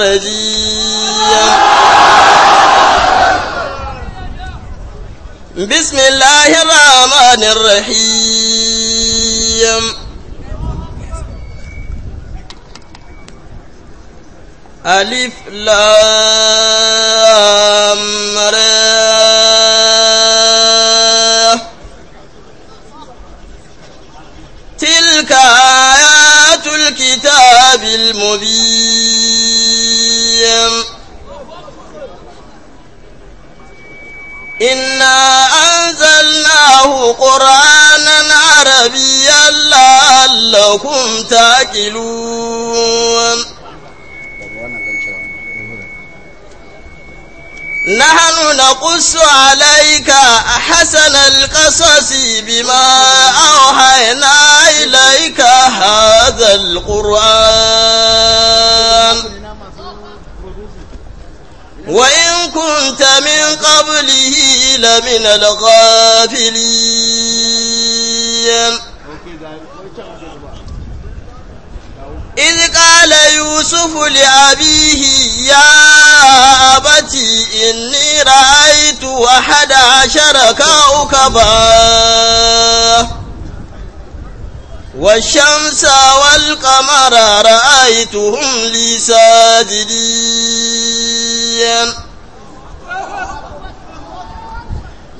الرجيم بسم الله الرحمن الرحيم ألف لام قرآنا عربيا لعلكم تعقلون نحن نقص عليك أحسن القصص بما أوحينا إليك هذا القرآن وإن كنت من قبله لمن الغافلين إذ قال يوسف لأبيه يا أبتي إني رأيت أحد عشر كوكبا والشمس والقمر رأيتهم لي ساجدين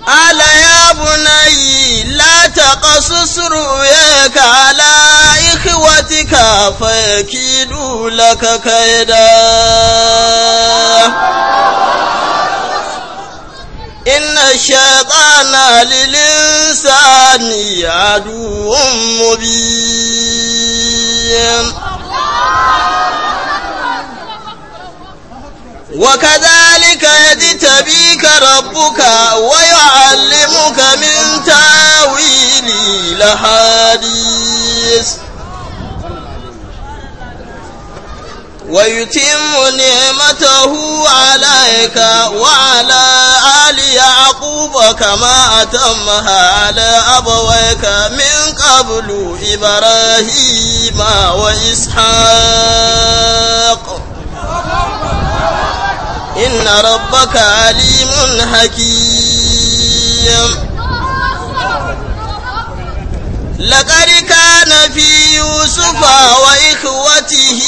ala ya bunayi la ta ƙasu suruye ka ala ihiwati ka faiki dula ka kai da inna shaƙana lilin sani ya duhun mubiyin وكذلك يجتبيك ربك ويعلمك من تاويل الأحاديث ويتم نعمته عليك وعلى آل يعقوب كما أتمها على أبويك من قبل إبراهيم وإسحاق إن ربك عليم حكيم لقد كان في يوسف وإخوته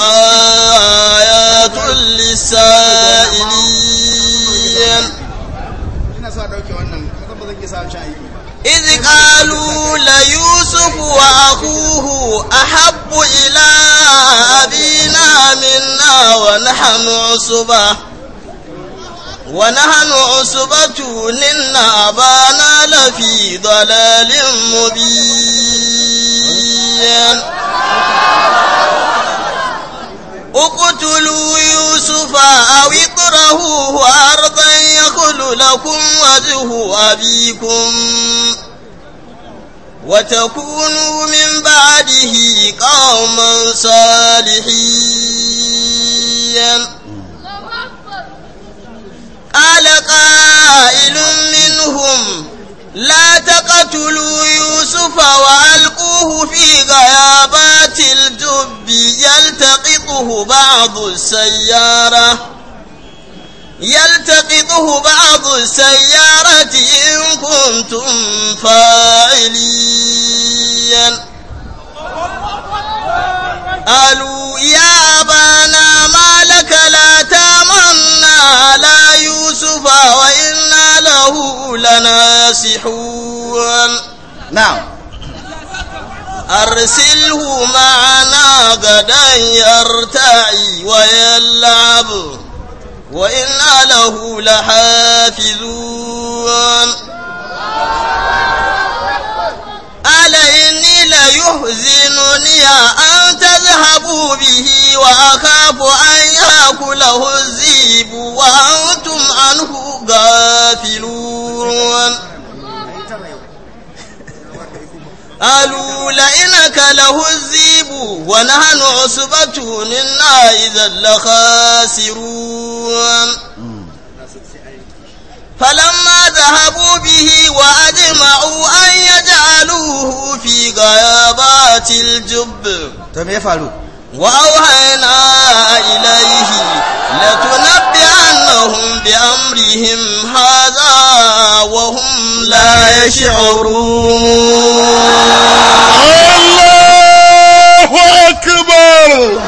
آيات للسائلين إذ قالوا ليوسف وأخوه أحب إلى أبينا منا ونحن عصبة ونحن عصبة إن أبانا لفي ضلال مبين اقتلوا يوسف أو اطرهوه أرضا يخل لكم وجه أبيكم وتكونوا من بعده قوما صالحين قال قائل منهم لا تقتلوا يوسف وألقوه في غيابات الجب يلتقطه بعض السيارة يلتقطه بعض السيارة إن كنتم فاعلين قالوا يا أبانا ما لك لا تامنا على إنه لناسحون نعم أرسله معنا غدا يرتعي ويلعب وإنا له لحافظون يحزنني أن تذهبوا به وأخاف أن يأكله الذئب وأنتم عنه غافلون قالوا لئنك له الذئب ونحن عصبة إنا إذا لخاسرون فلما ذهبوا به وأجمعوا أن يجعلوه في غيابات الجب طيب، يفعلوا وأوهينا إليه لتنبئنهم بأمرهم هذا وهم لا يشعرون الله أكبر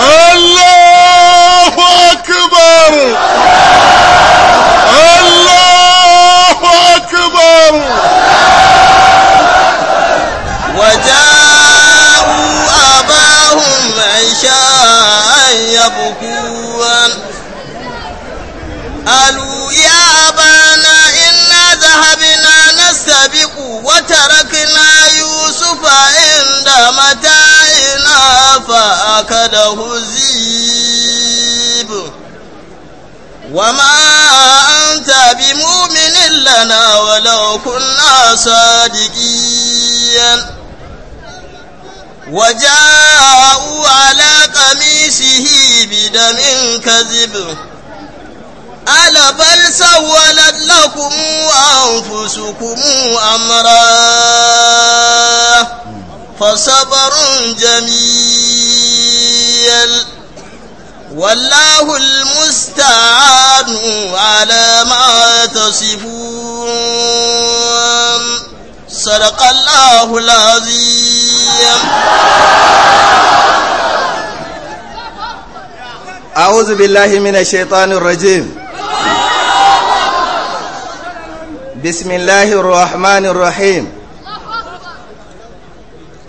الله أكبر wajen yin abubuwa ko yaushe zama a yi. wajen yin abubuwa ko yaushe na ina zahabina na sabiko wata rakuna yusufa inda mataina fa aka da huzibu. لنا ولو كنا صادقين وجاءوا على قميصه بدم كذب ألا بل سولت لكم أنفسكم أمرا فصبر جميل والله المستعان على ما تصفون صدق الله العظيم أعوذ بالله من الشيطان الرجيم بسم الله الرحمن الرحيم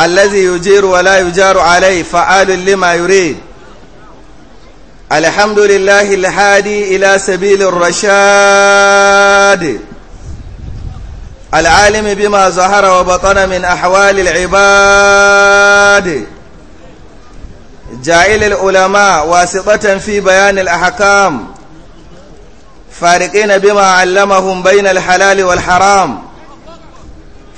الذي يجير ولا يجار عليه فعال لما يريد الحمد لله الهادي إلى سبيل الرشاد العالم بما ظهر وبطن من أحوال العباد جائل العلماء واسطة في بيان الأحكام فارقين بما علمهم بين الحلال والحرام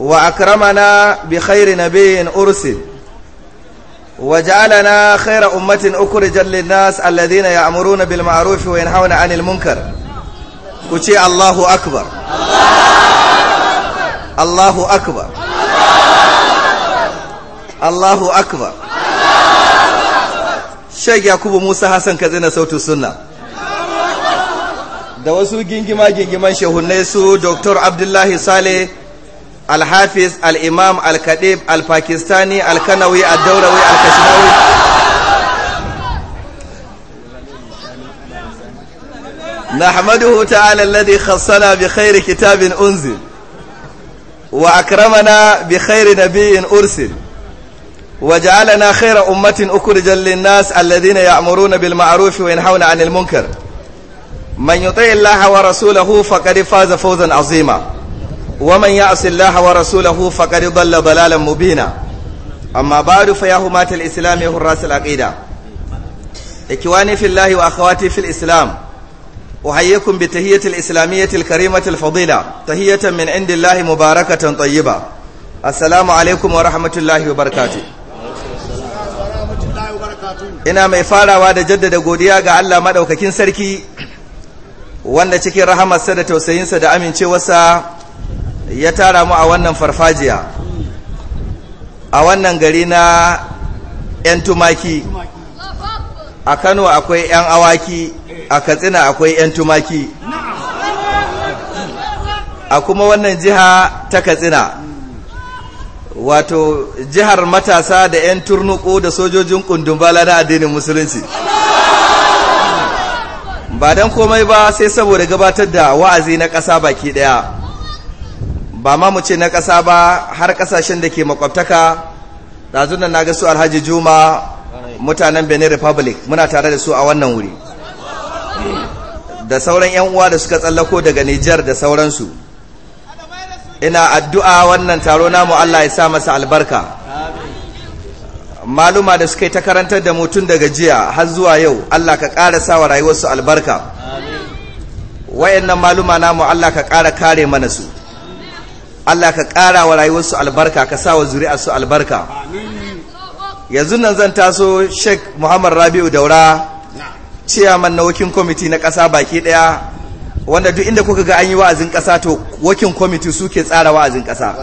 wa akramana bi khairi nabiyyin ursil wa ja'alana khaira ummatin ukhrijat lin nas alladhina ya'muruna bil ma'ruf wa yanhauna 'anil munkar ku ce allahu akbar allahu akbar allahu akbar shege yakubu musa hasan ka zina sautu sunna da wasu gingima gingiman shehunai su dr abdullahi saleh alhafiz al'imam al-kadib al-pakistani al-kanawi al-daurawi al-kashinawi نحمده تعالى الذي خصنا بخير كتاب أنزل وأكرمنا بخير نبي أرسل وجعلنا خير أمة أخرجا للناس الذين يأمرون بالمعروف وينهون عن المنكر من يطيع الله ورسوله فقد فاز فوزا عظيما ومن يعص الله ورسوله فقد ضل ضلالا مبينا أما بعد فيا همة الإسلام حراس العقيدة إخواني في الله وأخواتي في الإسلام أحييكم بتهية الإسلامية الكريمة الفضيلة تهية من عند الله مباركة طيبة السلام عليكم ورحمة الله وبركاته ina mai farawa da jaddada godiya ga Allah madaukakin sarki wanda cikin rahamarsa da tausayinsa da amincewarsa ya tara mu a wannan farfajiya a wannan gari na 'yan tumaki a kano akwai 'yan awaki a katsina akwai 'yan tumaki a kuma wannan jiha ta katsina wato jihar matasa da 'yan turnuku da sojojin kundumbala na addinin musulunci ba don komai ba sai saboda gabatar da wa'azi na ƙasa baki ɗaya ba ma mu ce na ƙasa ba har ƙasashen da ke makwabtaka nan na ga su alhaji juma mutanen benin republic muna tare da su a wannan wuri da sauran 'yan uwa da suka tsallako daga nijar da sauransu ina addu'a wannan taro namu allah ya sa masa albarka maluma da suka yi ta karantar da mutum daga jiya har zuwa yau allah ka ƙara sa wa rayuwarsu albarka wayannan maluma namu allah ka ƙara kare mana su Allah ka ƙara wa rayuwarsu albarka ka sa wa zuri'arsu albarka yanzu nan zan taso Sheikh Muhammad Rabi'u Daura ciyaman na wakin kwamiti na ƙasa baki ɗaya wanda duk inda kuka ga an yi wa'azin ƙasa to wakin kwamiti suke tsara wa'azin ƙasa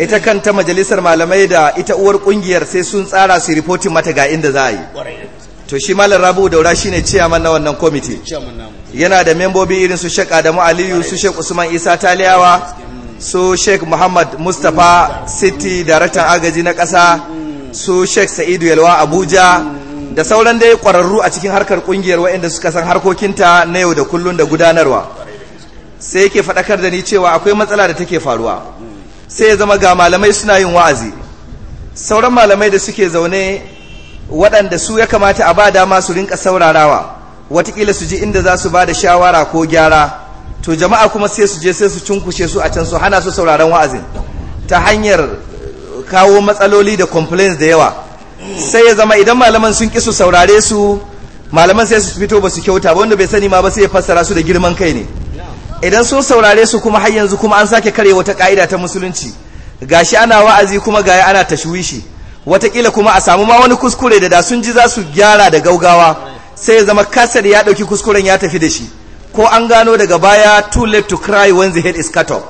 ita kanta majalisar malamai da ita uwar ƙungiyar sai sun tsara su rifotin mata ga inda za a yi to shi malam rabu daura shine ciyaman na wannan kwamiti yana da membobi irin su shek adamu aliyu su shek usman isa taliyawa su sheikh muhammad mustapha city daraktan agaji na ƙasa su sheikh sa'idu yalwa abuja da sauran dai kwararru a cikin harkar ƙungiyar waɗanda suka san harkokinta na yau da kullun da gudanarwa sai yake faɗakar da ni cewa akwai matsala da take faruwa sai ya zama ga malamai suna yin wa'azi sauran malamai da suke zaune waɗanda su ya kamata a ba dama su rinka saurarawa watakila su ji inda za su ba da shawara ko gyara to jama'a kuma sai su je sai su cunkushe su a can su hana su sauraron wa'azin ta hanyar eh, kawo matsaloli da complaints da yawa sai ya zama idan malaman sun ƙi su saurare su malaman sai su fito ba su kyauta ba wanda bai sani ma ba sai ya fassara su da girman kai ne idan sun saurare su kuma har yanzu kuma an sake kare wata ka'ida ta musulunci gashi ana wa'azi kuma gaya ana tashwishi watakila kuma a samu ma wani kuskure da da sun ji za su gyara da gaugawa sai ya zama kasar ya ɗauki kuskuren ya tafi da shi ko an gano daga baya too late to cry when the head is cut off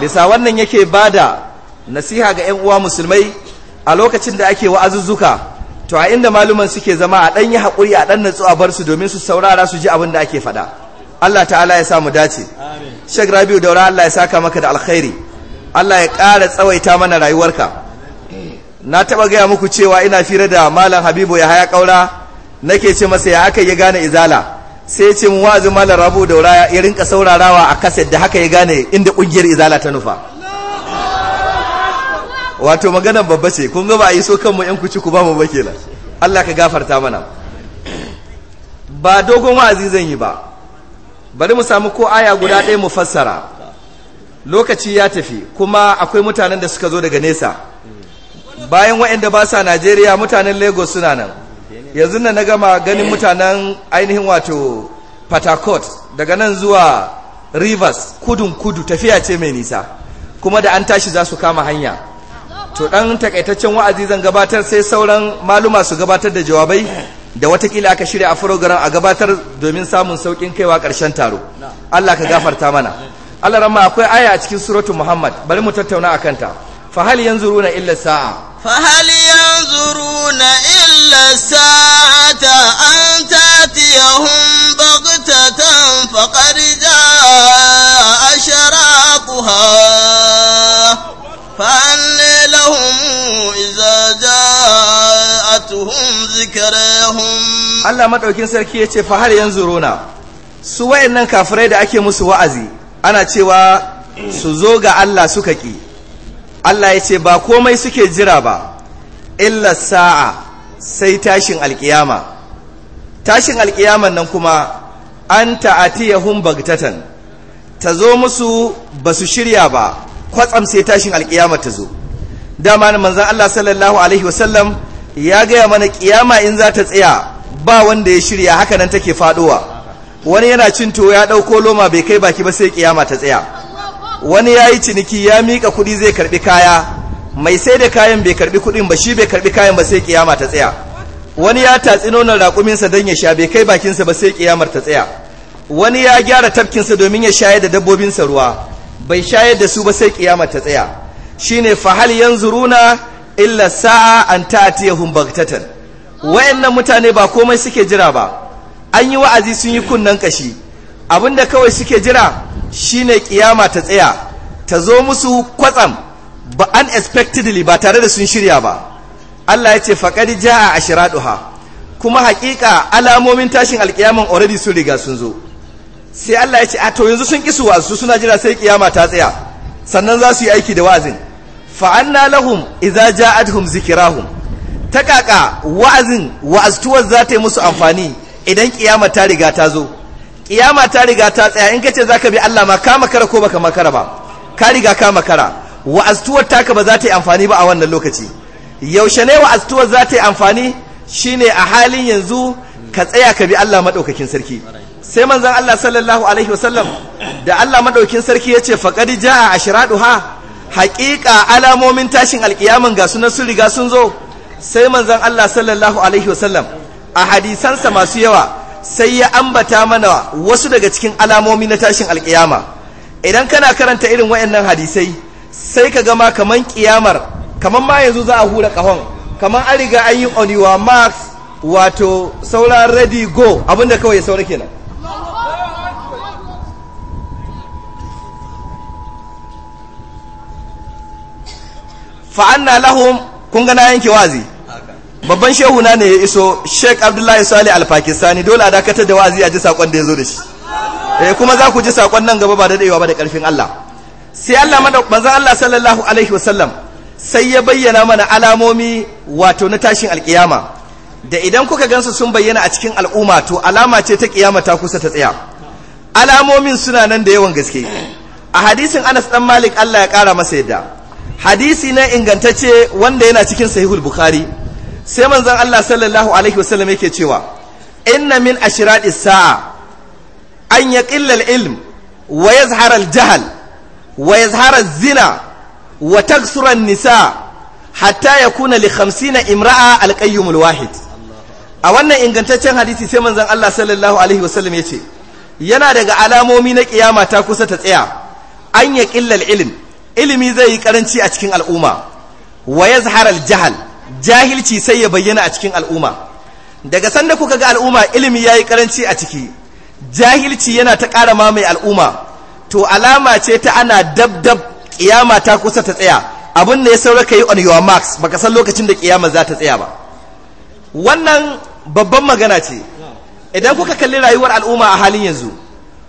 bisa wannan yake bada nasiha ga 'yan uwa musulmai a lokacin da ake wa'azuzzuka to a inda maluman suke zama a ɗan yi haƙuri a ɗan natsu a bar su domin su saurara su ji abin da ake faɗa Allah ta'ala ya sa mu dace Sheikh Rabiu Daura Allah ya saka maka da alkhairi Allah ya ƙara tsawaita mana rayuwarka na taɓa gaya muku cewa ina fira da malam Habibu ya haya ƙaura nake ce masa ya aka ya gane izala sai ce mu wazi malar rabu daura ya rinka saurarawa a kaset da haka ya gane inda kungiyar izala ta nufa wato maganar babba ce kun gaba ba a yi so kanmu yan kuci ku ba mu bake Allah ka gafarta mana ba dogon wa'azi zan yi ba bari mu samu ko aya guda ɗaya mu fassara lokaci ya tafi kuma akwai mutanen da suka zo daga nesa bayan waɗanda ba sa Najeriya mutanen Lagos suna nan yanzu na na gama ganin mutanen ainihin wato patakot daga nan zuwa rivers kudun kudu tafiya ce mai nisa kuma da an tashi za su kama hanya to dan takaitaccen wa'azi zan gabatar sai sauran maluma su gabatar da jawabai da watakila aka shirya a program a gabatar domin samun saukin kaiwa karshen taro Allah ka gafarta mana Allah ramma akwai aya a cikin suratul Muhammad bari mu tattauna akan ta fa hal yanzuruna illa sa'a fa hal yanzuruna illa إلا الساعة أن a بغتة فقد جاء أشراطها فأن لهم a tuhun ذكرهم Allah maɗaukin sarki ya ce fa har yanzu rona su wayannan kafirai da ake musu wa'azi ana cewa su zo ga Allah suka ki Allah ya ce ba komai suke jira ba illa sa'a sai tashin alkiyama tashin alkiyaman nan kuma an ta'atiyahum bagtatan ta zo musu basu shirya ba kwatsam sai tashin alkiyama ta zo dama manzon Allah sallallahu alaihi wasallam ya gaya mana kiyama in za ta tsaya ba wanda ya shirya haka nan take faduwa wani yana cin tuwo ya ɗauko loma bai kai baki ba sai kiyama ta tsaya wani yayi ciniki ya miƙa kudi zai karɓi kaya mai sai da kayan bai karbi kudin ba shi bai karbi kayan ba sai kiyama ta tsaya wani ya tatsi nonon raƙuminsa don ya sha bai kai bakinsa ba sai kiyamar ta tsaya wani ya gyara tafkinsa domin ya shayar da dabbobinsa ruwa bai shayar da su ba sai kiyamar ta tsaya shi ne fahal runa illa sa'a an ta'tiyahum baghtatan wayannan mutane ba komai suke jira ba an yi wa'azi sun yi kunnan kashi abinda kawai suke jira shine kiyama ta tsaya ta zo musu kwatsam ba unexpectedly ba tare da sun shirya ba Allah ya ce faƙad ja'a ashraduha kuma haƙiƙa alamomin tashin alƙiyaman already sun riga sun zo sai Allah ya ce a to yanzu sun kisu su suna jira sai ƙiyama ta tsaya sannan za su yi aiki da wa'azin fa'an na lahum idza ja'atuhum zikrahum ta kaka wa'azin wa'aztuwar za ta yi musu amfani idan ƙiyama ta riga ta zo ƙiyama ta riga ta tsaya in ka ce za ka bi Allah ma ka makara ko baka makara ba ka riga ka makara wa'aztuwar taka ba za ta yi amfani ba a wannan lokaci yaushe ne wa'aztuwar za ta yi amfani shine a halin yanzu ka tsaya ka bi Allah maɗaukakin sarki sai manzon Allah sallallahu alaihi wasallam da Allah maɗaukakin sarki ya ce a ja'a ashraduha haƙiƙa alamomin tashin alƙiyamin ga sunan sun riga sun zo sai manzon Allah sallallahu alaihi wasallam a hadisansa masu yawa sai ya ambata mana wasu daga cikin alamomi na tashin alƙiyama idan kana karanta irin waɗannan hadisai sai ka gama kaman kiyamar kaman ma yanzu za a hura kahon kaman an riga an yi oniwa max wato saura ready go abinda kawai ya saura kenan fa'anna lahum kun na wazi babban shehu na ne ya iso sheikh abdullahi sali al-pakistani dole a dakatar da wazi a ji saƙon da ya zo da shi eh, kuma za ku ji saƙon nan gaba ba da daewa ba da ƙarfin allah sai Allah manzon Allah sallallahu alaihi wasallam sai ya bayyana mana alamomi wato na tashin alkiyama da idan kuka gansu sun bayyana a cikin al'umma to alama ce ta kiyama ta kusa ta tsaya alamomin suna nan da yawan gaske a hadisin Anas dan Malik Allah ya kara masa yadda hadisi na ingantacce wanda yana cikin sahihul bukhari sai manzon Allah sallallahu alaihi wasallam yake cewa inna min ashratis sa'a an yaqilla al-ilm wa yazhara al-jahl wa yazhara zina wa taksura nisa hatta yakuna li 50 imra'a al-qayyum al-wahid a wannan ingantaccen hadisi sai manzon Allah sallallahu alaihi wasallam yace yana daga alamomi na kiyama ta kusa ta tsaya an ya qillal ilm ilimi zai yi karanci a cikin al'umma wa yazhara al-jahl jahilci sai ya bayyana a cikin al'umma daga sanda kuka ga al'umma ilimi yayi karanci a ciki jahilci yana ta ƙara mamaye al'umma to alama ce ta ana dab dab kiyama ta kusa ta tsaya abin da ya saura ka yi on your marks baka san lokacin da kiyama za ta tsaya ba wannan babban magana ce idan kuka kalli rayuwar al'umma a halin yanzu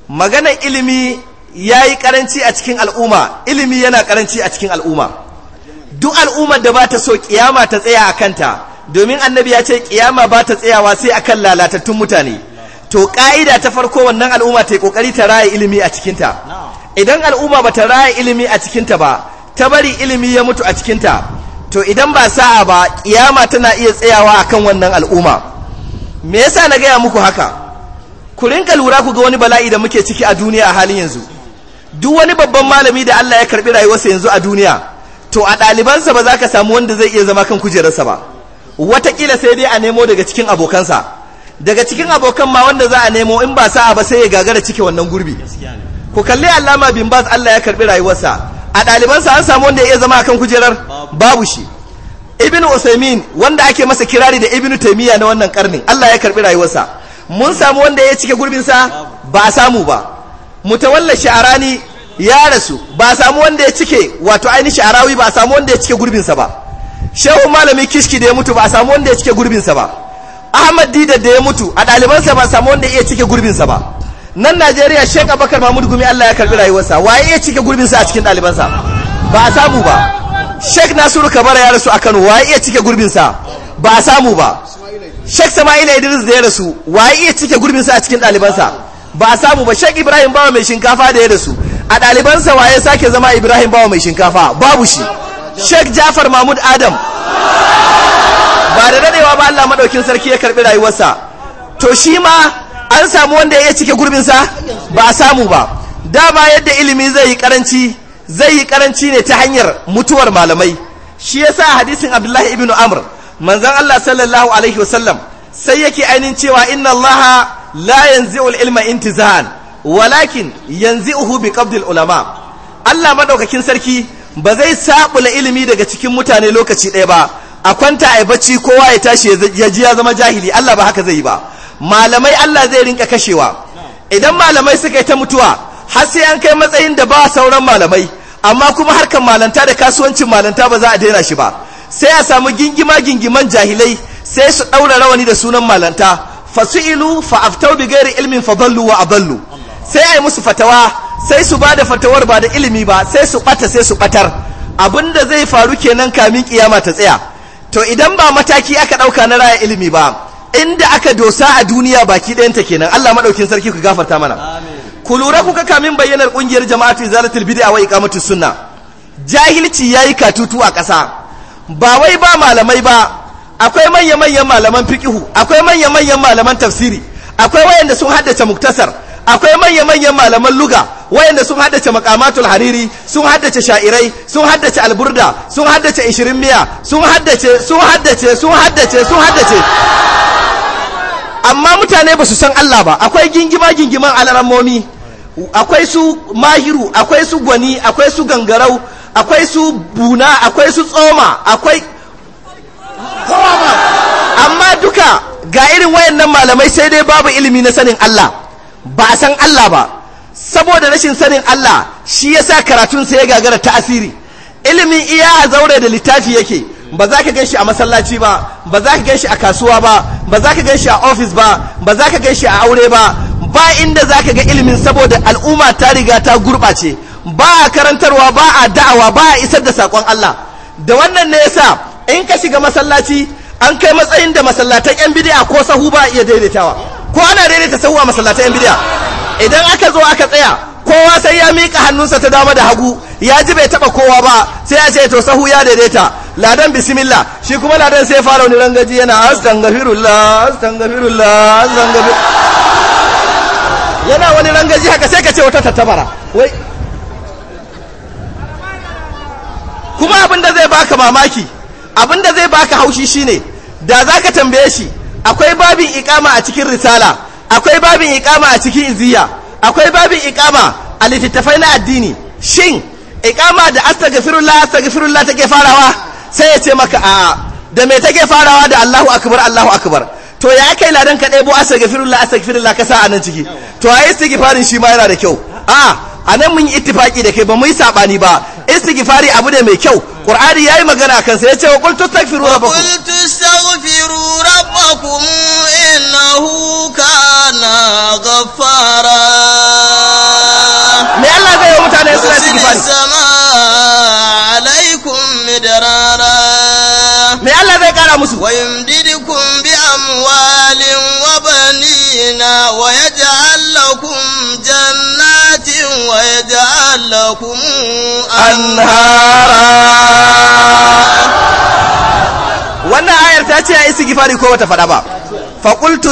maganar ilimi ya yi karanci a cikin al'umma ilimi yana karanci a cikin al'umma duk al'ummar da ba ta so kiyama ta tsaya a kanta domin annabi ya ce kiyama ba ta tsayawa sai akan lalatattun mutane to ka'ida ta farko wannan al'umma ta yi ƙoƙari ta raya ilimi a cikinta idan al'umma ba ta raya ilimi a cikinta ba ta bari ilimi ya mutu a cikinta to idan ba sa'a ba ƙiyama tana iya tsayawa a kan wannan al'umma me yasa na gaya muku haka ku rinka lura ku ga wani bala'i da muke ciki a duniya a halin yanzu duk wani babban malami da Allah ya karɓi rayuwarsa yanzu a duniya to a ɗalibansa ba za ka samu wanda zai iya zama kan kujerarsa ba wataƙila sai dai a nemo daga cikin abokansa daga cikin abokan ma wanda za a nemo in ba sa'a ba sai ya gagara cike wannan gurbi ku kalli allama bin bas Allah ya karbi rayuwarsa a ɗalibansa an samu wanda ya iya zama akan kujerar babu shi ibnu usaimin wanda ake masa kirari da ibnu taimiyya na wannan karni Allah ya karbi rayuwarsa mun samu wanda ya cike sa ba a samu ba mutawalla sha'arani ya rasu ba a samu wanda ya cike wato ainihin sha'arawi ba samu wanda ya cike gurbin sa ba shehu malami kishki da ya mutu ba a samu wanda ya cike gurbin sa ba Ahmad Dida da ya mutu a dalibansa ba samu wanda iya cike gurbinsa ba nan Najeriya Sheikh Abubakar Mahmud Gumi Allah ya karbi rayuwarsa waye iya cike gurbinsa a cikin ba a samu ba Sheikh Nasiru Kabara ya rasu a Kano waye iya cike gurbinsa ba a samu ba Sheikh Sama'ila Idris da ya rasu waye iya cike gurbinsa a cikin ɗalibansa ba a samu ba Sheikh Ibrahim Bawa mai shinkafa da ya rasu a ɗalibansa waye sake zama Ibrahim Bawa mai shinkafa babu shi Sheikh Jafar Mahmud Adam ba da dadewa ba Allah madaukin sarki ya karbi rayuwarsa to shi ma an samu wanda ya cike gurbinsa ba a samu ba da ba yadda ilimi zai yi karanci zai yi karanci ne ta hanyar mutuwar malamai shi yasa hadisin Abdullahi ibn Amr manzon Allah sallallahu alaihi wasallam sai yake ainin cewa inna Allah la yanzi'ul ilma intizan walakin yanzi'uhu biqabdil ulama Allah madaukakin sarki ba zai sabula ilimi daga cikin mutane lokaci ɗaya ba a kwanta a bacci kowa ya tashi ya ji ya zama jahili Allah ba haka zai yi ba malamai Allah zai rinka kashewa idan malamai suka yi ta mutuwa har sai an kai matsayin da ba sauran malamai amma kuma harkar malanta da kasuwancin malanta ba za a daina shi ba sai a samu gingima gingiman jahilai sai su ɗaura rawani da sunan malanta fasu'ilu fa aftau bi gairi ilmin fa ballu wa aballu sai a yi musu fatawa sai su ba da fatawar ba da ilimi ba sai su bata sai su batar abinda zai faru kenan kamin kiyama ta tsaya to idan ba mataki aka dauka na raya ilimi ba inda aka dosa a duniya baki ɗayanta kenan Allah madaukin sarki ku gafarta mana ku lura kuka kamin bayyanar kungiyar jama'atu izalatul bid'a wa iqamatus sunna jahilci yayi katutu a ƙasa ba wai ba malamai ba akwai manya-manyan malaman fiqihu akwai manya-manyan malaman tafsiri akwai wayanda sun haddace muktasar akwai manya-manyan malaman luga wayanda sun haddace makamatul hariri sun haddace sha'irai sun haddace alburda sun haddace ishirin miya sun haddace sun haddace sun haddace sun haddace amma mutane ba su san Allah ba akwai gingima gingiman alarammomi akwai su mahiru akwai su gwani akwai su gangarau akwai su buna akwai su tsoma akwai amma duka ga irin wayannan malamai sai dai babu ilimi na sanin Allah ba a san Allah ba saboda rashin sanin Allah shi ya yasa karatunsa ya gagara ta'asiri ilimin iya a zaure da littafi yake ba za ka gan shi a masallaci ba ba za ka gan shi a kasuwa ba ba za ka gan shi a ofis ba ba za ka gan shi a aure ba ba inda za ka ga ilimin saboda al'umma ta riga ta gurɓace ba a karantarwa ba a da'awa ba a isar da saƙon Allah da wannan ne yasa in ka shiga masallaci an kai matsayin da masallatan yan bidiya ko sahu ba a iya daidaitawa ko ana daidaita sahu a masallatan yan bidiya idan aka zo aka tsaya kowa sai ya miƙa hannunsa ta dama da hagu ya ji bai taɓa kowa ba sai ya ce to sahu ya daidaita ladan bismillah shi kuma ladan sai fara wani rangaji yana astaghfirullah astaghfirullah astaghfirullah yana wani rangaji haka sai ka ce wata tattabara wai kuma abin da zai baka mamaki abin da zai baka haushi shine da zaka tambaye shi akwai babin ikama a cikin risala akwai babin ikama a cikin iziya akwai babin ikama a littattafai na addini shin ikama da astagfirullah astagfirullah take farawa sai ya ce maka a'a da me take farawa da Allahu akbar Allahu akbar to ya kai ladan ka ɗebo astagfirullah astagfirullah ka sa a nan ciki to ai istighfarin shi ma yana da kyau a'a a nan mun yi ittifaki da kai ba mu yi sabani ba istighfari abu ne mai kyau qur'ani yayi magana kan sa ce wa qul tastaghfiru rabbakum qul tastaghfiru rabbakum innahu kana ghaffara me Allah zai yi mutane su yi istighfari alaikum midrara me Allah zai kara musu wa yumdidukum bi amwalin wa banina wa yaj ويجعل لكم أنهارا wannan ayar ta ce ya isi gifari ko bata faɗa ba faƙultu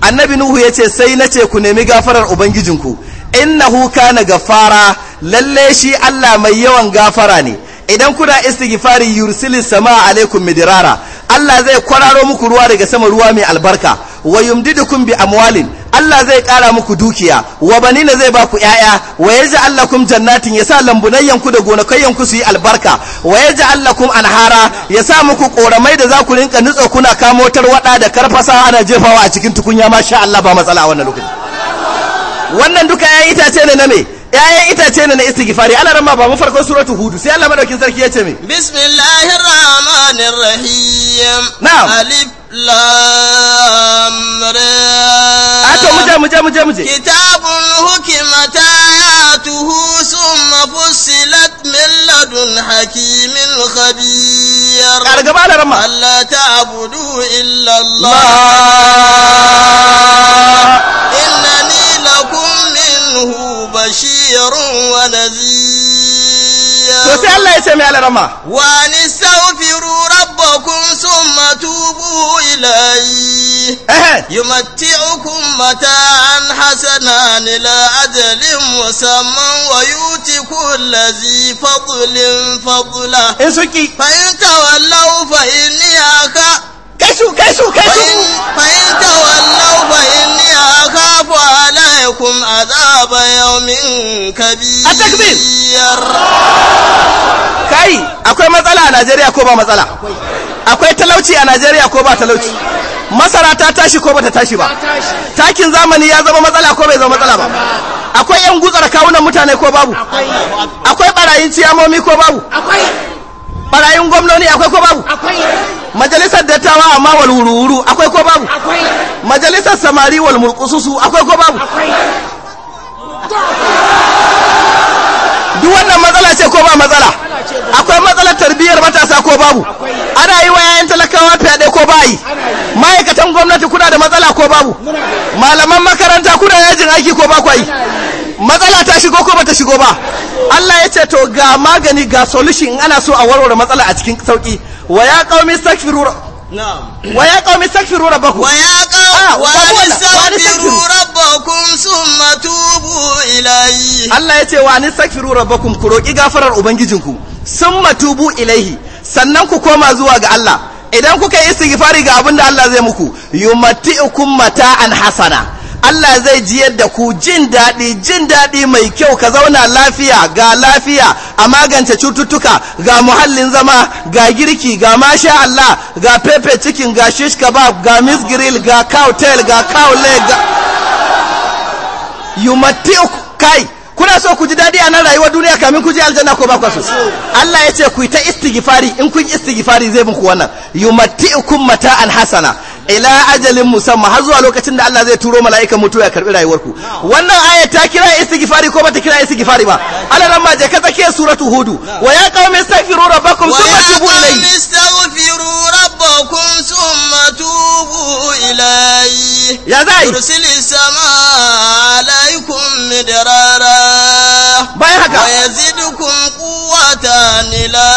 annabi nuhu ya ce sai na ce ku nemi gafarar ubangijinku innahu kana gafara lalle shi allah mai yawan gafara ne idan kuna istighfari yursili sama alaikum midirara Allah zai kwararo muku ruwa daga sama ruwa mai albarka wa yumdidukum bi amwalin Allah zai ƙara muku dukiya wa banina zai ba ku ƴaƴa wa yaj'al lakum jannatin yasa lambunayyan da gonakai su yi albarka wa yaj'al lakum anhara yasa muku koramai da za ku rinka nutsa kuna kamo tarwada da karfasa ana jefawa a cikin tukunya masha Allah ba matsala a wannan lokaci wannan duka ƴaƴan itace ne na me ƴaƴan itace ne na istighfari ana ramma ba mu farkon suratul hud sai Allah madaukin sarki ya ce me bismillahir rahmanir rahim alif كتاب حكمت آياته ثم فصلت من لدن حكيم خبير ألا تعبدوا إلا الله إنني لكم منه بشير ونذير وأن استغفروا وتوبوا إليه يمتعكم متاعا حسنا إلى أجل مسمى ويؤتي كل ذي فضل فضله فإن تولوا فإني أخاف kaisu kaisu kaisu fa'in tawallaw fa inni akhafu alaykum azaba yawmin kabir atakbir kai akwai matsala a Najeriya ko ba matsala akwai talauci a Najeriya ko ba talauci masara ta tashi ko bata tashi ba takin zamani ya zama matsala ko bai zama matsala ba akwai yan gutsar kawunan mutane ko babu akwai barayin ciyamomi ko babu barayin gwamnoni akwai ko babu majalisar dattawa amma wal akwai ko babu majalisar samari wal murkususu akwai ko babu duk wannan matsala ce ko ba matsala akwai matsalar tarbiyyar matasa ko babu ana yi wa yayan talakawa fyaɗe ko ba yi ma'aikatan gwamnati kuna da matsala ko babu malaman makaranta kuna yajin aiki ko ba kwai matsala ta shigo ko bata shigo ba Allah ya ce to ga magani ga solution ana so a warware matsala a cikin sauki wa ya qaumi astaghfiru n'a wa ya komi ya ah, Allah ya ce wa ni sakifin rurabaku kuro iga farar ubangijin ku. suma tubu ilaihi sannan ku koma zuwa ga Allah idan kuka kai iska fariga abun da Allah zai muku yuma tigi an hasana. Allah zai jiyar da ku jin daɗi jin daɗi mai kyau ka zauna lafiya ga lafiya a magance cututtuka ga muhallin zama ga girki ga masha Allah ga pepe chicken ga shish kebab ga miss grill ga cow tail ga cow leg ga yumatiu kai kuna so ku ji daɗi a nan rayuwar duniya kamin ku je aljanna ko ba ku so Allah ya ce ku yi ta istighfari in kun istighfari zai muku wannan kum mata'an hasana ila ajalin musamman har zuwa lokacin da Allah zai turo mala'ikan mutu ya karbi rayuwarku wannan ayat ta kira istighfari ko bata kira istighfari ba Allah ran ma je ka tsakiyar suratu hudu wa ya qaumi astaghfiru rabbakum thumma tubu ilayhi wa astaghfiru rabbakum thumma tubu ilayhi ya zai yursil sama alaykum midrara bai haka wa yazidukum ضعفتان إلى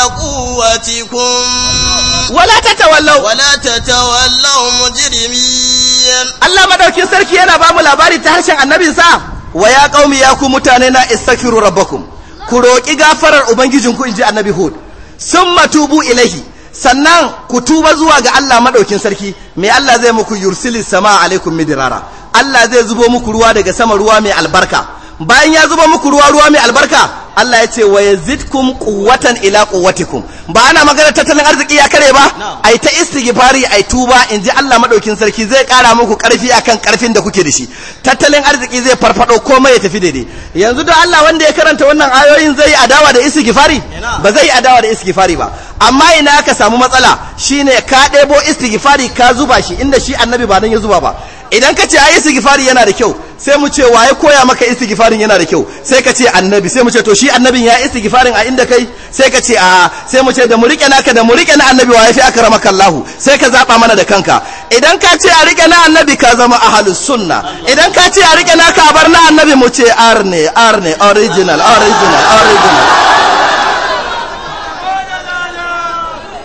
wala tatawallaw wala tatawallaw mujrimin allah الله sarki yana ba mu labari ta harshen sa wa ya qaumi ya ku mutane na istaghfiru rabbakum ku roki gafarar ubangijinku inji annabi hud summa tubu ilaihi sannan ku tuba zuwa ga Allah madaukin sarki mai Allah zai muku yursilis sama alaikum midirara Allah zai zubo muku ruwa daga sama ruwa mai albarka bayan ya zuba muku ruwa ruwa mai albarka Allah ya ce wa yazidkum quwwatan ila quwwatikum ba ana magana tattalin arziki ya kare ba ai ta istighfari ai tuba ji Allah madaukin sarki zai kara muku karfi akan karfin da kuke da shi tattalin arziki zai farfado komai ya tafi daidai yanzu da Allah wanda ya karanta wannan ayoyin zai adawa da istighfari eh, ba zai adawa da istighfari ba amma ina ka samu matsala shine ka ɗebo istighfari ka zuba shi inda shi annabi ba nan ya zuba ba idan ka ce ai istighfari yana da kyau sai mu ce waye koya maka istighfarin yana da kyau sai ka ce annabi sai mu ce to shi annabin ya istighfarin a inda kai sai ka ce a sai mu ce da mu rike naka da mu rike na annabi waye fi akramaka Allah sai ka zaba mana da kanka idan ka ce a rike na annabi ka zama ahlus sunna idan ka ce a rike naka a bar na annabi mu ce arne arne original original original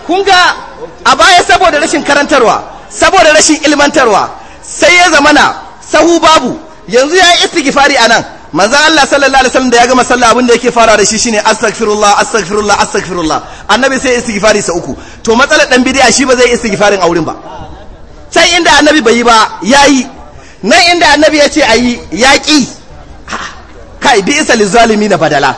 kun ga a baya saboda rashin karantarwa saboda rashin ilmantarwa sai ya zamana sahu babu yanzu ya yi istighfari a nan manzan Allah sallallahu alaihi wasallam da ya gama sallah abin da yake fara da shi shine astaghfirullah astaghfirullah astaghfirullah annabi sai istighfari sa uku to matsalar dan bid'a shi ba zai istighfarin a wurin ba sai inda annabi bai yi ba yayi nan inda annabi ya ce ayi yaki kai bi isa lizalimi na badala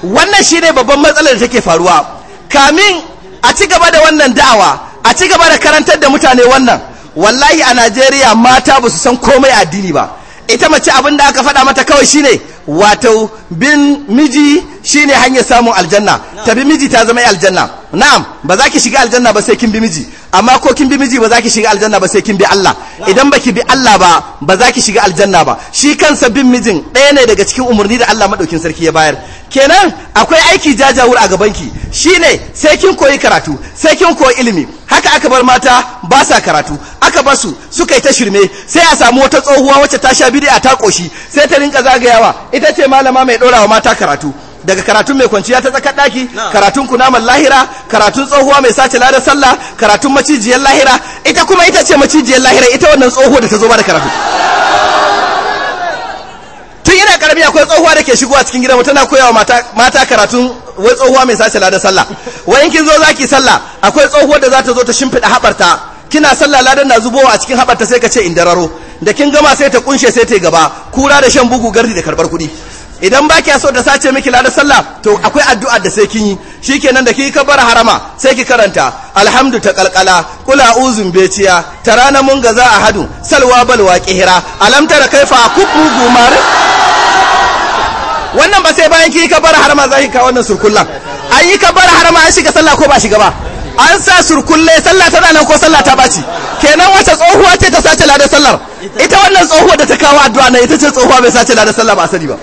wannan shine babban matsalar da take faruwa kamin a ci gaba da wannan da'awa a ci gaba da karantar da mutane wannan wallahi a Najeriya mata ba su san komai addini ba ita mace abin da aka faɗa mata kawai shine wato bin miji Shi ne hanyar samun aljanna ta bi miji ta zama aljanna na'am ba za ki shiga aljanna ba sai kin bi miji amma ko kin bi miji ba za ki shiga aljanna ba sai kin bi Allah idan baki bi Allah ba ba za ki shiga aljanna ba shi kansa bin mijin ɗaya ne daga cikin umarni da Allah maɗaukin sarki ya bayar kenan akwai aiki jajawur a gaban ki. Shi ne, sai kin koyi karatu sai kin koyi ilimi haka aka bar mata ba sa karatu aka basu suka yi ta shirme sai a samu wata tsohuwa wacce ta sha a ta koshi sai ta rinka zagayawa ita ce malama mai ɗora wa mata karatu daga karatun mai kwanciya ta tsakar daki karatun kunaman lahira karatun tsohuwa mai sace lada sallah karatun macijiyar lahira ita kuma ita ce macijiyar lahira ita wannan tsohuwa da ta zo ba da karatu tun ina karami akwai tsohuwa da ke shigowa cikin gidanmu tana koyawa mata mata karatun wai tsohuwa mai sace lada sallah wai kin zo zaki sallah akwai tsohuwar da za ta zo ta shimfida habarta kina sallah ladan na zubowa a cikin habarta sai ka ce in dararo da kin gama sai ta kunshe sai ta gaba kura da shan bugu gardi da karbar kuɗi idan ba kya so da sace miki lada sallah to akwai addu'a da sai kin yi shikenan da ka bar harama sai ki karanta alhamdu ta kalkala kula uzun beciya tarana mun ga a hadu salwa balwa qihra alam tara kaifa kubu gumar wannan ba sai bayan ka bar harama zaki ka wannan surkullan an yi ka bar harama an shiga sallah ko ba shiga ba an sa surkulle sallah tana nan ko sallah ta baci kenan wata tsohuwa ce ta sace lada sallar ita wannan tsohuwa da ta kawo addu'a ne ita ce tsohuwa bai sace lada sallah ba asali ba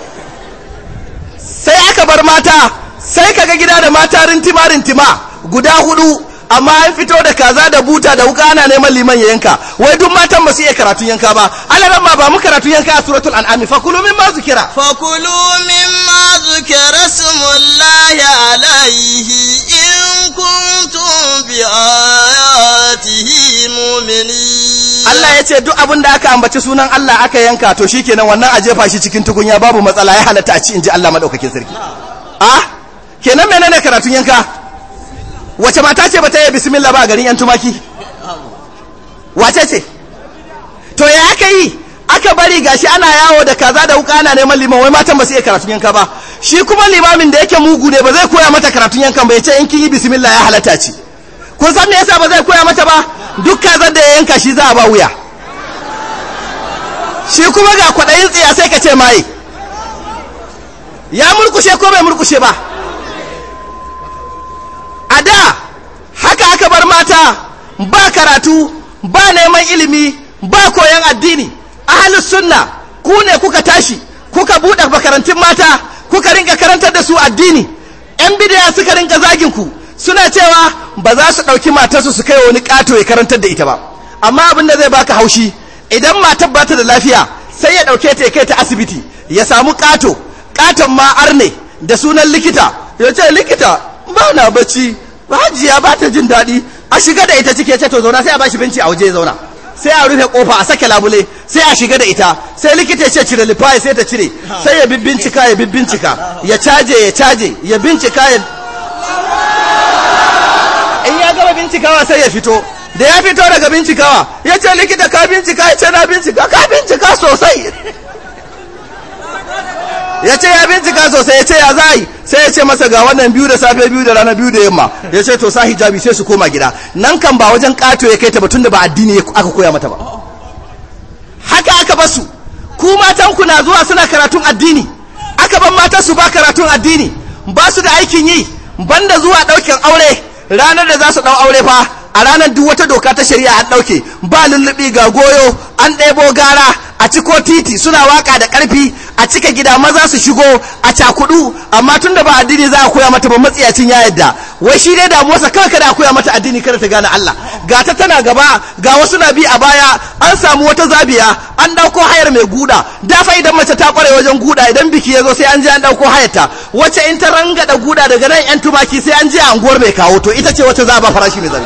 sai aka bar mata sai kaga gida da mata rintima rintima guda hudu amma an fito da kaza da buta da wuka ana neman liman ya yanka wai duk matan ba su iya karatun yanka ba alaran ma ba mu karatun yanka a suratul an'ami fakulu mimma zukira fakulu mimma zukira sumullahi alaihi in kuntum bi ayatihi mu'minin Allah ya ce duk abin da aka ambaci sunan Allah aka yanka to shi kenan wannan a jefa shi cikin tukunya babu matsala ya halatta a ci in ji Allah maɗaukakin sarki ah kenan menene karatun yanka wace mata ce ba ta yi bismillah ba garin yan tumaki wace ce to ya aka yi aka bari gashi ana yawo da kaza da wuka ana neman liman wai matan ba su iya karatun yanka ba shi kuma limamin da yake mugu ne ba zai koya mata karatun yankan ba ya ce in kin yi bismillah ya halatta ci kun san me yasa ba zai koya mata ba dukkan zan da ya yanka shi za a ba wuya shi kuma ga kwaɗayin tsiya sai ka ce maye ya murkushe ko bai murkushe ba a da haka aka bar mata ba karatu ba neman ilimi ba koyon addini ahalus sunna ku ne kuka tashi kuka buɗe makarantun mata kuka rinka karantar da su addini 'yan bidiya suka rinka zaginku suna cewa ba za su ɗauki matarsu su kai wani ƙato ya karantar da ita ba amma abin da zai baka haushi idan matar ba ta da lafiya sai ya ɗauke ta ya kai ta asibiti ya samu ƙato ƙaton ma arne da sunan likita ya ce likita ba na bacci hajiya ba ta jin daɗi a shiga da ita cike ya ce to zauna sai a bashi binci a waje ya zauna sai a rufe kofa a sake labule sai a shiga da ita sai likita ya ce cire lifaye sai ta cire sai ya bibbincika ya bibbincika ya caje ya caje ya bincika ya in ya gaba bincikawa sai ya fito da ya fito daga bincikawa ya ce likita ka bincika ya ce na bincika ka bincika sosai ya ce ya bincika sosai ya ce ya za yi sai ya ce masa ga wannan biyu da safe biyu da rana biyu da yamma ya ce to sa hijabi sai su koma gida nan kan ba wajen kato ya kai ta batun da ba addini aka koya mata ba haka aka basu ku matan ku na zuwa suna karatun addini aka ban matan su ba karatun addini ba su da aikin yi banda zuwa daukin aure ranar da za su ɗau aure fa a ranar duk wata doka ta shari'a an ɗauke ba lullubi ga goyo an ɗebo gara a ciko titi suna waka da ƙarfi a cika gida maza su shigo a cakudu amma tun da ba addini za a koya mata ba matsiyacin ya yadda wai shi dai damuwarsa kawai kada a koya mata addini kada ta gane Allah ga ta tana gaba ga wasu na bi a baya an samu wata zabiya an dauko hayar mai guda dafa idan mace ta kware wajen guda idan biki ya zo sai an je an dauko ta wace in ta rangada guda daga nan yan tumaki sai an je anguwar mai kawo to ita ce wacce za ba farashi mai zabi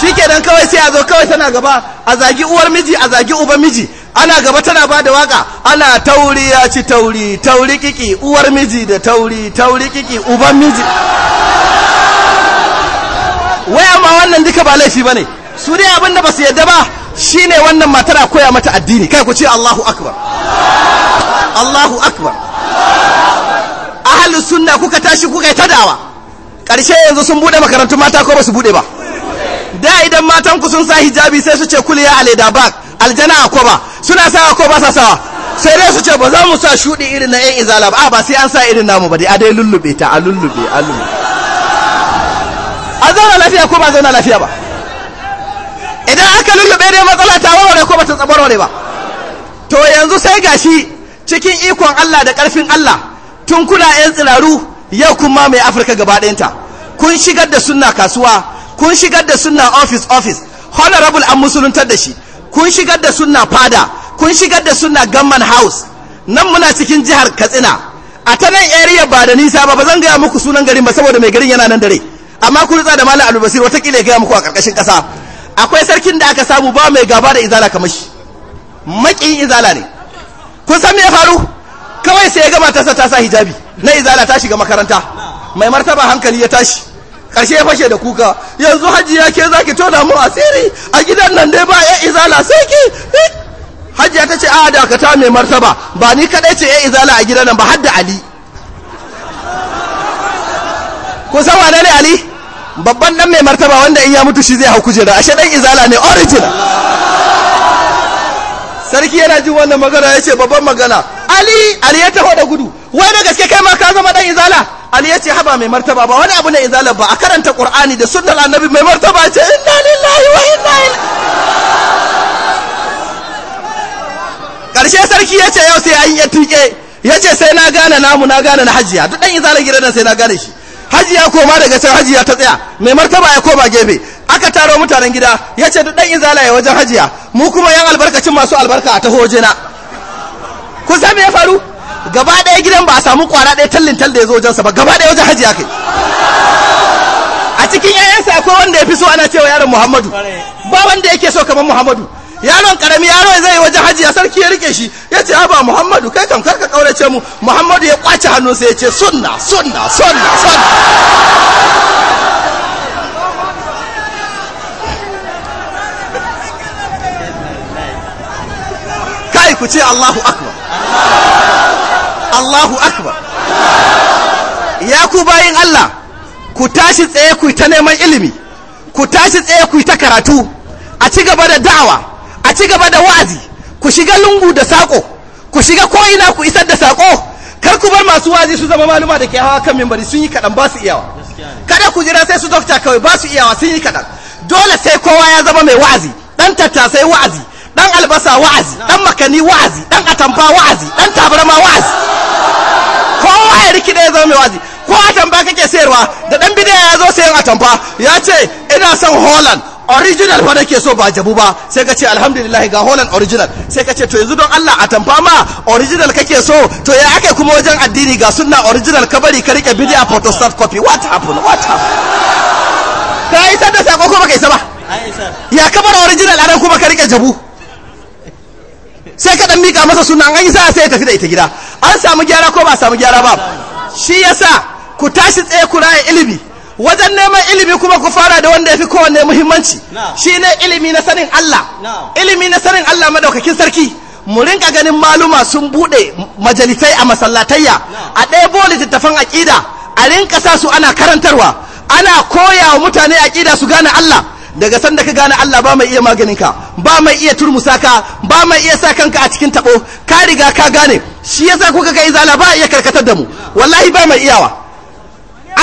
shikenan kawai sai a zo kawai tana gaba a zagi uwar miji a zagi uban miji ana gaba tana ba da waka ana tauri ya ci tauri tauri kiki uwar miji da tauri tauri kiki uban miji wai amma wannan duka ba laifi bane su dai abinda ba su yadda ba Shi ne wannan matar a koya mata addini kai ku ce Allahu akbar Allahu akbar halin suna kuka tashi kuka yi tadawa karshe yanzu sun buɗe makarantun mata ko ba su bude ba da idan matan ku sun sa hijabi sai su ce kuliya a leda bak aljana akoba suna sawa ko ba sa sawa sai dai su ce ba za mu sa shuɗi irin na yan izala ba ba sai an sa irin namu ba dai a dai lullube ta a lullube a lullube a zauna lafiya ko ba zauna lafiya ba idan aka lullube dai matsala ta warware ko bata warware ba to yanzu sai gashi cikin ikon Allah da ƙarfin Allah tun kuna 'yan tsiraru yau kuma mai Afirka gaba ɗayanta kun shigar da sunna kasuwa kun shigar da sunna office office honorable an musuluntar da shi kun shigar da sunna fada kun shigar da sunna gamman house nan muna cikin jihar katsina a ta nan area ba da nisa ba ba zan gaya muku sunan garin ba saboda mai garin yana nan dare amma ku tsada da albasir watakila ya gaya muku a ƙarƙashin ƙasa akwai sarkin da aka samu ba mai gaba da izala kamar shi makin izala ne kun san me ya faru kawai sai ya gama tasa ta sa hijabi na izala ta shiga makaranta mai martaba hankali ya tashi karshe ya fashe da kuka yanzu ya ke zaki tona mu asiri a gidan nan dai ba ya izala sai ki haji ta ce a dakata mai martaba ba ni kadai ce ya izala a gidan nan ba har da ali kun san wane ne ali babban dan mai martaba wanda in ya mutu shi zai hau kujera ashe dan izala ne original sarki yana jin wannan magana ya ce babban magana ali ali ya taho da gudu wai da gaske kai ma ka zama dan izala ali ya ce haba mai martaba ba wani abu na izala ba a karanta qur'ani da sunnar annabi mai martaba ce inna lillahi wa inna ilaihi karshe sarki ya ce yau sai an yi tuke ya ce sai na gane namu na gane na hajiya duk dan izala gidan sai na gane shi hajiya koma daga can hajiya ta tsaya mai martaba ya koma gefe aka taro mutanen gida ya ce duk ɗan izala ya wajen hajiya mu kuma yan albarkacin masu albarka a taho jina kun san me ya faru gaba ɗaya gidan ba a samu kwana ɗaya tallin tal da ya zo sa ba gaba ɗaya wajen hajiya kai a cikin 'ya'yansa akwai wanda ya fi so ana cewa yaron muhammadu ba wanda yake so kamar muhammadu yaron karami yaro zai wajen a sarki ya rike shi ya ce ba muhammadu kai kam karka kaurace mu muhammadu ya kwace hannunsa ya ce sunna sunna sunna sunna kai ku ce allahu akbar allahu akbar ya ku bayin allah ku tashi tsaye ku ta neman ilimi ku tashi tsaye ku ta karatu a ci gaba da da'awa a ci gaba da wa'azi ku shiga lungu da sako ku shiga ko'ina ku isar da sako kar ku bar masu wa'azi su zama maluma da ke hawa kan mimbari sun yi kaɗan ba su iyawa kada ku jira sai su dokta kawai ba su iyawa sun yi kaɗan dole sai kowa ya zama mai wa'azi ɗan tattasai wa'azi ɗan albasa wa'azi ɗan makani wa'azi ɗan atamfa wa'azi ɗan tabarma wa'azi kowa ya rikide ya zama mai wa'azi ko atamfa kake sayarwa da ɗan bidiya ya zo sayan atamfa ya ce ina son holland original fa nake so ba jabu ba sai ka ce alhamdulillah ga holan original sai ka ce to yanzu don Allah a tamfa ma original kake so to ya ake kuma wajen addini ga sunna original ka bari ka rike bidiya photostat copy what happened what happened ka isa da sako kuma kai isa ba ya ka bar original anan kuma ka rike jabu sai ka dan mika masa sunna an yi sa sai ya tafi da ita gida an samu gyara ko ba samu gyara ba shi yasa ku tashi tsaye ku raye ilimi wajen neman ilimi kuma ku fara da wanda ya fi kowanne muhimmanci shi ne ilimi na sanin Allah ilimi na sanin Allah madaukakin sarki mu rinka ganin maluma sun buɗe majalisai a masallatayya a ɗaya boli littattafan aƙida a rinka sa su ana karantarwa ana koya wa mutane aƙida su gane Allah daga san da ka gane Allah ba mai iya maganin ka ba mai iya turmusa ka ba mai iya sa kanka a cikin tabo ka riga ka gane shi yasa kuka ga izala ba iya karkatar da mu wallahi ba mai iyawa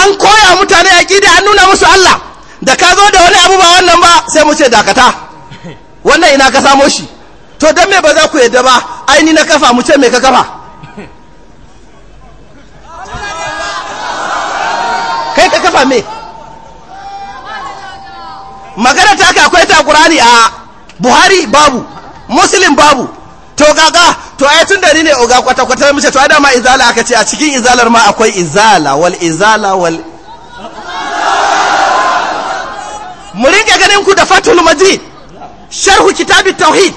an koya mutane aqida an nuna musu Allah da ka zo da wani abu ba wannan ba sai mu ce dakata wannan ina ka samo shi to dan me ba za ku yadda ba ai ni na kafa mu ce me ka kafa kai ka kafa me magana ta ka akwai ta qur'ani a buhari babu muslim babu to kaka. to ai tun da ni ne oga kwata-kwata mu ce to ai dama izala aka ce a cikin izalar ma akwai izala wal izala wal mu rinka ganin ku da fatul maji sharhu kitabit tauhid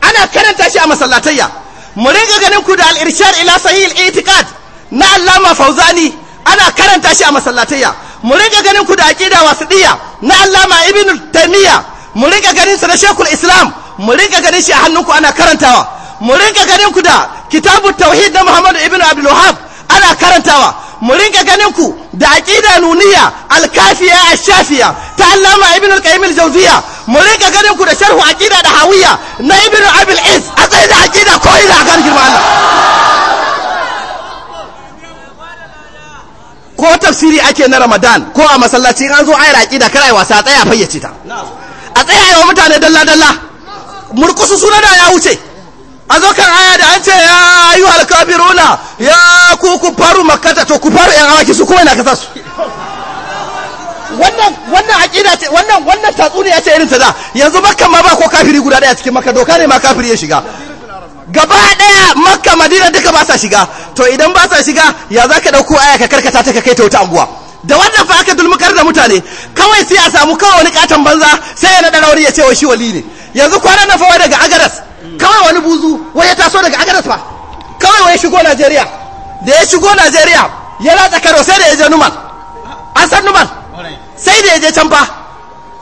ana karanta shi a masallatayya mu rinka ganin ku da al-irshad ila sahih al-i'tiqad na allama fauzani ana karanta shi a masallatayya mu rinka ganin ku da aqida wasidiyya na allama ibnu taymiya mu rinka ganin sa da shekul islam mu rinka ganin shi a hannunku ana karantawa mu rinka ganin ku da kitabu tauhid na muhammadu ibn abdul ana karantawa mu rinka ganin ku da aqida nuniya alkafiya ashafiya ta allama ibn al-qayyim mu rinka ganin ku da sharhu aqida da hawiya na ibn abil is a tsaye da aqida ko ina kan girma Allah ko tafsiri ake na ramadan ko a masallaci an zo ayar aƙida kar ai wasa tsaya fayyace ta a tsaya wa mutane dalla dalla murkusu suna da ya wuce a zo kan aya da an ce ya ayu alkafiruna ya ku ku faru makkata to ku faru yan awaki su kuma ina kasa su wannan wannan aqida ce wannan wannan ya ce irin ta da yanzu makka ma ba ko kafiri guda daya cikin makka doka ne ma kafiri ya shiga gaba daya makka madina duka ba sa shiga to idan ba sa shiga ya za ka dauko aya ka karkata ta ka kai ta wata anguwa da wannan fa aka dulmukar da mutane kawai sai a samu kawai wani katon banza sai ya naɗa rauni ya ce wa shi wali ne yanzu kwanan nan fa daga agaras kawai wani buzu wai ya taso daga agadas ba kawai wai shigo najeriya da ya shigo najeriya ya latsa karo sai da ya je numan an san numan sai da ya je can fa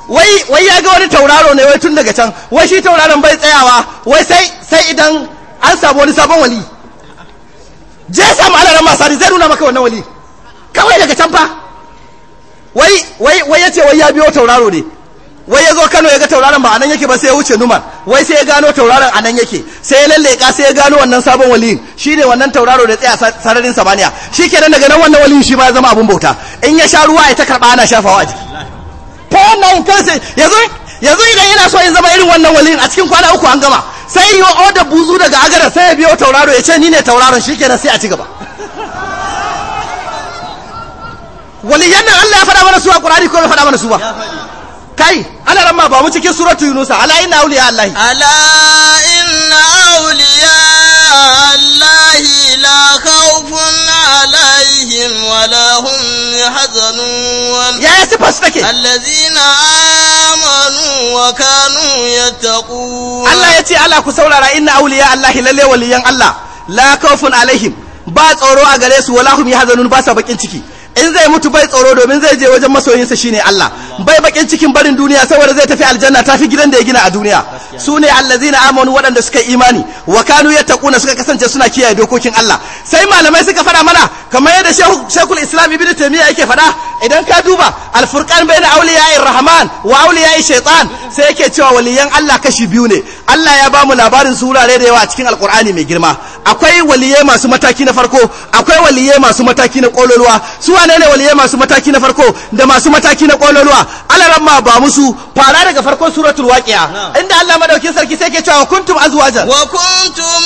wai wai ya ga wani tauraro ne wai tun daga can wai shi tauraron bai tsayawa wai sai sai idan an samu wani sabon wali je samu alaran masari zai nuna maka wannan wali kawai daga can fa wai wai wai yace wai ya biyo tauraro ne wai ya zo kano ya ga tauraron ba anan yake ba sai ya wuce numan wai sai ya gano tauraron anan yake sai ya lalleka sai ya gano wannan sabon waliyin shi ne wannan tauraro da tsaya sararin samaniya shi kenan daga nan wannan waliyin shi ba ya zama abun bauta in ya sha ruwa ya ta karɓa ana shafawa a jiki ta wannan kai sai yanzu yanzu idan yana so in zama irin wannan waliyin a cikin kwana uku an gama sai yi oda buzu daga agara sai ya biyo tauraro ya ce ni ne tauraron shi kenan sai a ci gaba waliyan nan Allah ya faɗa mana su a Qur'ani ko bai faɗa mana su ba kai ana ramma ba mu cikin suratu yunusa ala inna awliya allahi ala inna awliya allahi la khawfun alaihim wa la hum yahzanun ya ya sifa su take allazina amanu wa kanu yattaqun Allah yace ala ku saurara inna awliya allahi lalle waliyan Allah la khawfun alaihim ba tsoro a gare su wala hum yahzanun ba sa bakin ciki in zai mutu bai tsoro domin zai je wajen masoyinsa shine Allah bai bakin cikin barin duniya saboda zai tafi aljanna tafi gidan da ya gina a duniya su ne allazina amanu waɗanda suka imani wa kanu yattaquna suka kasance suna kiyaye dokokin Allah sai malamai suka fada mana kamar yadda shekul islam ibnu taymiya yake fada idan ka duba alfurqan baina awliya'ir rahman wa awliya'i shaytan sai yake cewa waliyan Allah kashi biyu ne Allah ya bamu labarin su da yawa a cikin alqur'ani mai girma akwai waliyai masu mataki na farko akwai waliyai masu mataki na kololuwa su wane ne waliyai masu mataki na farko da masu mataki na kololuwa alaran ma ba musu fara daga farkon suratul waqi'a inda Allah madaukin sarki sai ke cewa kuntum azwajan wa kuntum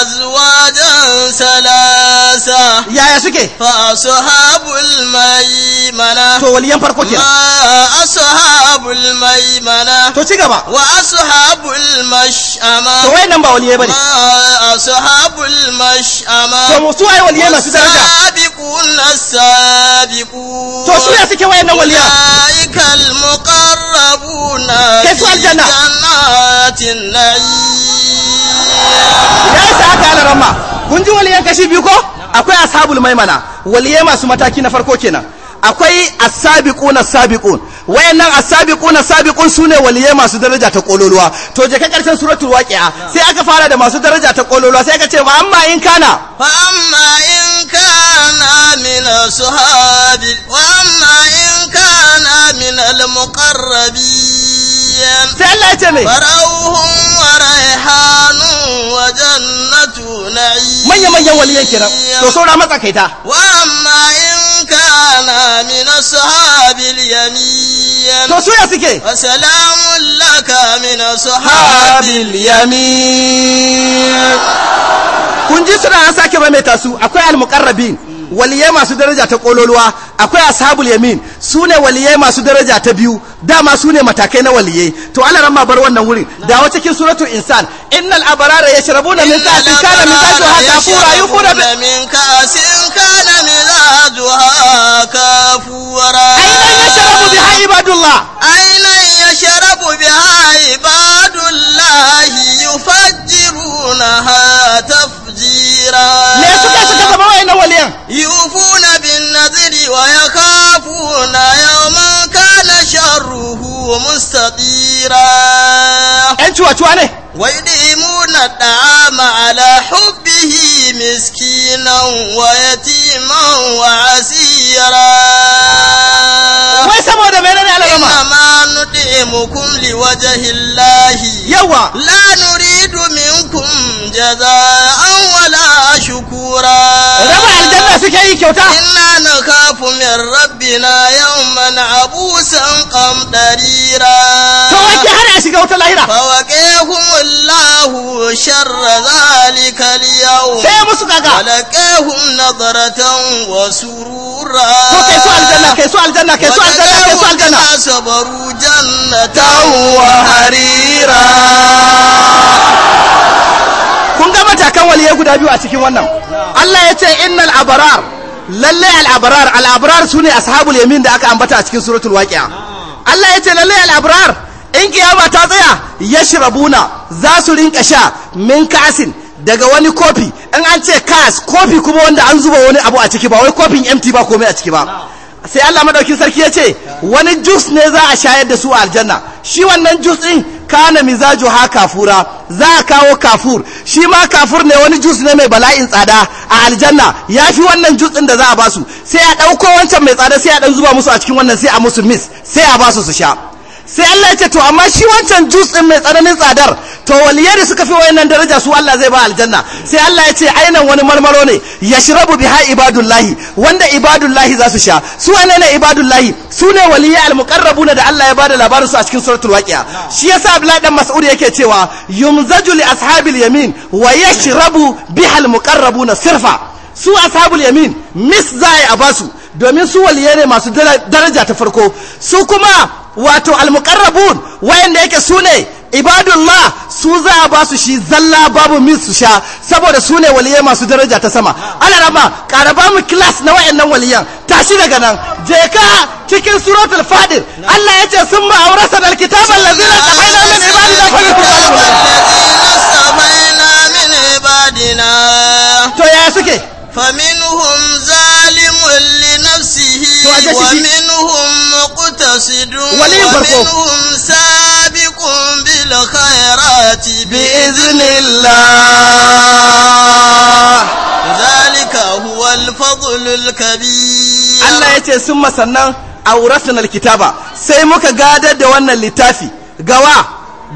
azwajan salasa yaya suke fa ashabul maimana to waliyan farko ke ma ashabul maimana to ci gaba wa ashabul mash'ama to nan ba waliyai bane ma ashabul mash'ama to musu ai waliyai masu daraja sabiqun السابقون to su ne suke wayannan waliya laikal muqarrabuna kai su ya sa aka alarama kun ji waliyan kashi biyu ko akwai ashabul maimana waliye masu mataki na farko kenan akwai asabiqun asabiqun wayannan asabiqun asabiqun sune waliyai masu daraja ta kololuwa to je ka karshen suratul waqi'a sai aka fara da masu daraja ta kololuwa sai aka ce fa amma in kana fa amma in kana min ashabi wa amma in kana min al muqarrabin sai Allah ya ce me farauhum wa raihanu wa jannatu na'im manya manyan waliyan kenan to saura matsakaita wa amma in kana min ashabil yamin to su ya suke assalamun laka min ashabil yamin kun ji suna an sake maimaita su akwai al-muqarrabin waliyai masu daraja ta kololuwa akwai ashabul yamin su ne waliyai masu daraja ta biyu dama su ne matakai na waliyai to Allah ran ma bar wannan wurin dawo cikin suratul insan innal abrara yashrabuna min ka'sin kana mizajuha fura yufura min ka'sin kana haka fura ayna yashrabu bi ibadullah ayna yashrabu bi ibadullah yufaj يوفون بالنذر ويخافون يوما كان شره مستطيرا أنت ويديمون الطعام على حبه مسكينا ويتيما وعسيرا nuɗe mukun liwajahin lahi. Yawa! La nuridu min kun jaza an wala shukura. Raba aljanna suke yi kyauta. Ina na kafu min rabbina yau mana abusan kam ɗarira. To wake har a shiga wata lahira. Fawake kumullahu sharra zalika liyau. Sai musu kaka. Walake kum nazaratan wasu. To kai su aljanna kai aljanna kai aljanna kai aljanna. Wata kai kuma jannata wa harira kun ga matakan waliyai guda biyu a cikin wannan Allah ya ce innal abrar lalle al abrar al abrar sune ashabul yamin da aka ambata a cikin suratul waqi'a Allah ya ce lalle al abrar in kiyama ta tsaya yashrabuna za su rinka sha min kasin daga wani kofi in an ce kas kofi kuma wanda an zuba wani abu a ciki ba wai kofin empty ba komai a ciki ba sai Allah madaukin sarki ya ce wani jus ne za a shayar da su a aljanna shi wannan jus din kana mizaju ha kafura za a kawo kafur shi ma kafur ne wani jus ne mai bala'in tsada a aljanna ya fi wannan jus din da za a basu sai a ɗauko wancan mai tsada sai a ɗan zuba musu a cikin wannan sai a musu mis sai a basu su sha sai Allah ya ce to amma shi wancan jus din mai tsananin tsadar to waliyai da suka fi wayannan daraja su Allah zai ba aljanna sai Allah ya ce ainan wani marmaro ne ya yashrabu biha ibadullahi wanda ibadullahi za su sha su wane ne ibadullahi su ne waliyya almuqarrabuna da Allah ya bada labarin su a cikin suratul waqi'a shi yasa Abdullahi dan Mas'ud yake cewa yumzaju li ashabil yamin wa yashrabu biha na sirfa su ashabul yamin mis za a basu domin su waliyai ne masu daraja ta farko su kuma wato wayan wayanda yake su ne ibadullah su za a ba su shi zalla babu min su sha saboda su ne masu daraja ta sama ana raba ba mu kilas na wayannan waliyan tashi daga nan je ka cikin suratul fadil Allah ya ce sun ma'aurasa dal lazina ta haina min ibadina fa bi to ya suke nafsi. ومنهم مقتصد bi سابق بالخيرات بإذن الله ذلك هو الفضل sai muka gadar da wannan littafi gawa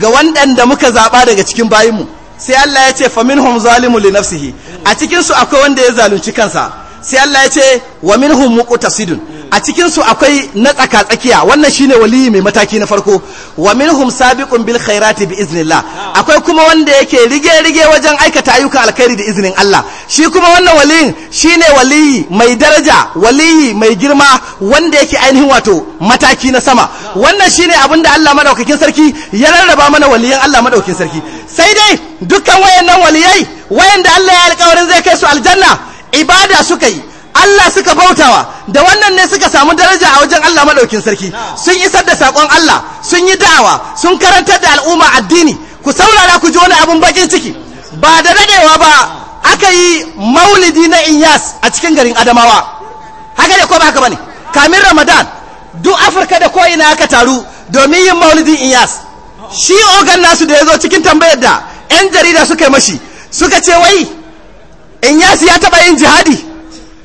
ga waɗanda muka zaɓa daga cikin bayinmu sai Allah ya ce faminhum zalimu li nafsihi a cikinsu akwai wanda ya zalunci kansa sai Allah ya ce wa minhum muqtasidun a cikin su akwai na tsaka tsakiya wannan shine waliyi mai mataki na farko wa minhum sabiqun bil khairati bi iznillah akwai kuma wanda yake rige rige wajen aikata ayyukan alkhairi da iznin Allah shi kuma wannan waliyin shine waliyi mai daraja waliyi mai girma wanda yake ainihin wato mataki na sama wannan shine abinda da Allah madaukakin sarki ya rarraba mana waliyan Allah madaukakin sarki sai dai dukkan wayannan waliyai wayanda Allah ya alƙawarin zai kai su aljanna ibada suka yi Allah suka bautawa da wannan ne suka samu daraja a wajen Allah madaukin sarki sun isar da sakon Allah sun yi da'awa sun karantar da al'umma addini ku saurara ku ji wani abun bakin ciki ba da dadewa ba aka yi maulidi na Inyas a cikin garin Adamawa haka ne ko ba haka bane kamin Ramadan duk Afirka da ko'ina aka taru domin yin maulidin Inyas shi ogan nasu da ya zo cikin tambayar da 'yan jarida suka yi mashi suka ce wai in yasi ya taba yin jihadi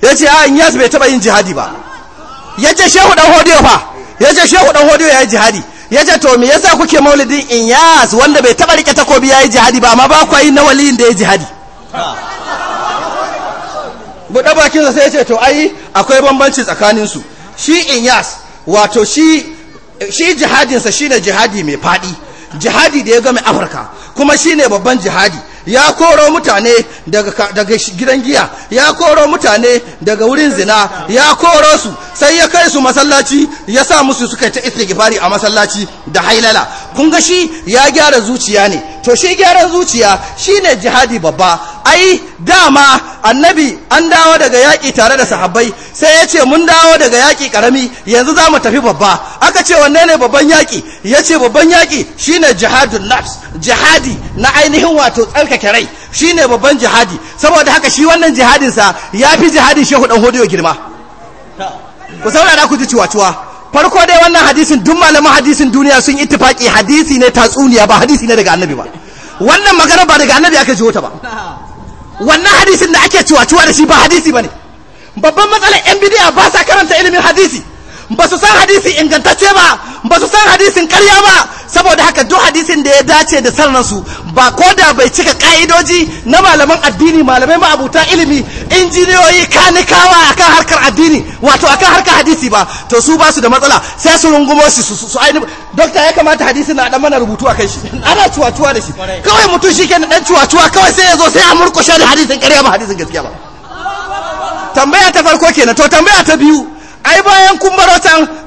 ya ce a ah, in yasi bai taba yin jihadi ba ya ce shehu dan hodiyo fa ya ce shehu dan hodiyo ya yi jihadi ya ce to me yasa kuke maulidin in yasi wanda bai taba rike takobi ya yi jihadi ba amma ba ku yi na waliyin da ya jihadi buɗe bakinsa sai ya ce to ai akwai bambanci tsakaninsu shi in yas wato shi shi jihadinsa shine jihadi mai faɗi jihadi da ya gama afirka kuma shine babban jihadi ya koro mutane daga gidan giya ya koro mutane daga wurin zina ya koro su sai ya kai su masallaci ya sa musu suka ta istighfari a masallaci da hailala kun ga shi ya gyara zuciya ne to shi gyaran zuciya shine jihadi babba ai dama annabi an dawo daga yaƙi tare da sahabbai sai ya ce mun dawo daga yaƙi karami yanzu za mu tafi babba aka ce wanne ne babban yaki ya ce babban yaƙi shine jihadun nafs jihadi na ainihin wato tsarkake tsarkake rai shi ne babban jihadi saboda haka shi wannan jihadinsa ya fi jihadin shehu dan hodiyo girma ku saurara ku ji ciwaciwa farko dai wannan hadisin duk malaman hadisin duniya sun tufaƙi hadisi ne tatsuniya ba hadisi ne daga annabi ba wannan magana ba daga annabi aka jiho ta ba wannan hadisin da ake ciwaciwa da shi ba hadisi ba ne babban matsalar yan bidiya ba sa karanta ilimin hadisi ba su san hadisi ingantacce ba ba su san hadisin karya ba saboda haka duk hadisin da ya dace da san ba ko da bai cika ka'idoji na malaman addini malamai ma'abuta ilimi injiniyoyi kanikawa akan harkar addini wato akan harkar hadisi ba to su ba su da matsala sai su rungumo shi su su ainihin dokta ya kamata hadisi na dan mana rubutu akan shi ana cuwatuwa da shi kawai mutum shi kenan dan cuwatuwa kawai sai ya zo sai a murkushe da hadisin karya ba hadisin gaskiya ba tambaya ta farko kenan to tambaya ta biyu ai bayan kun baro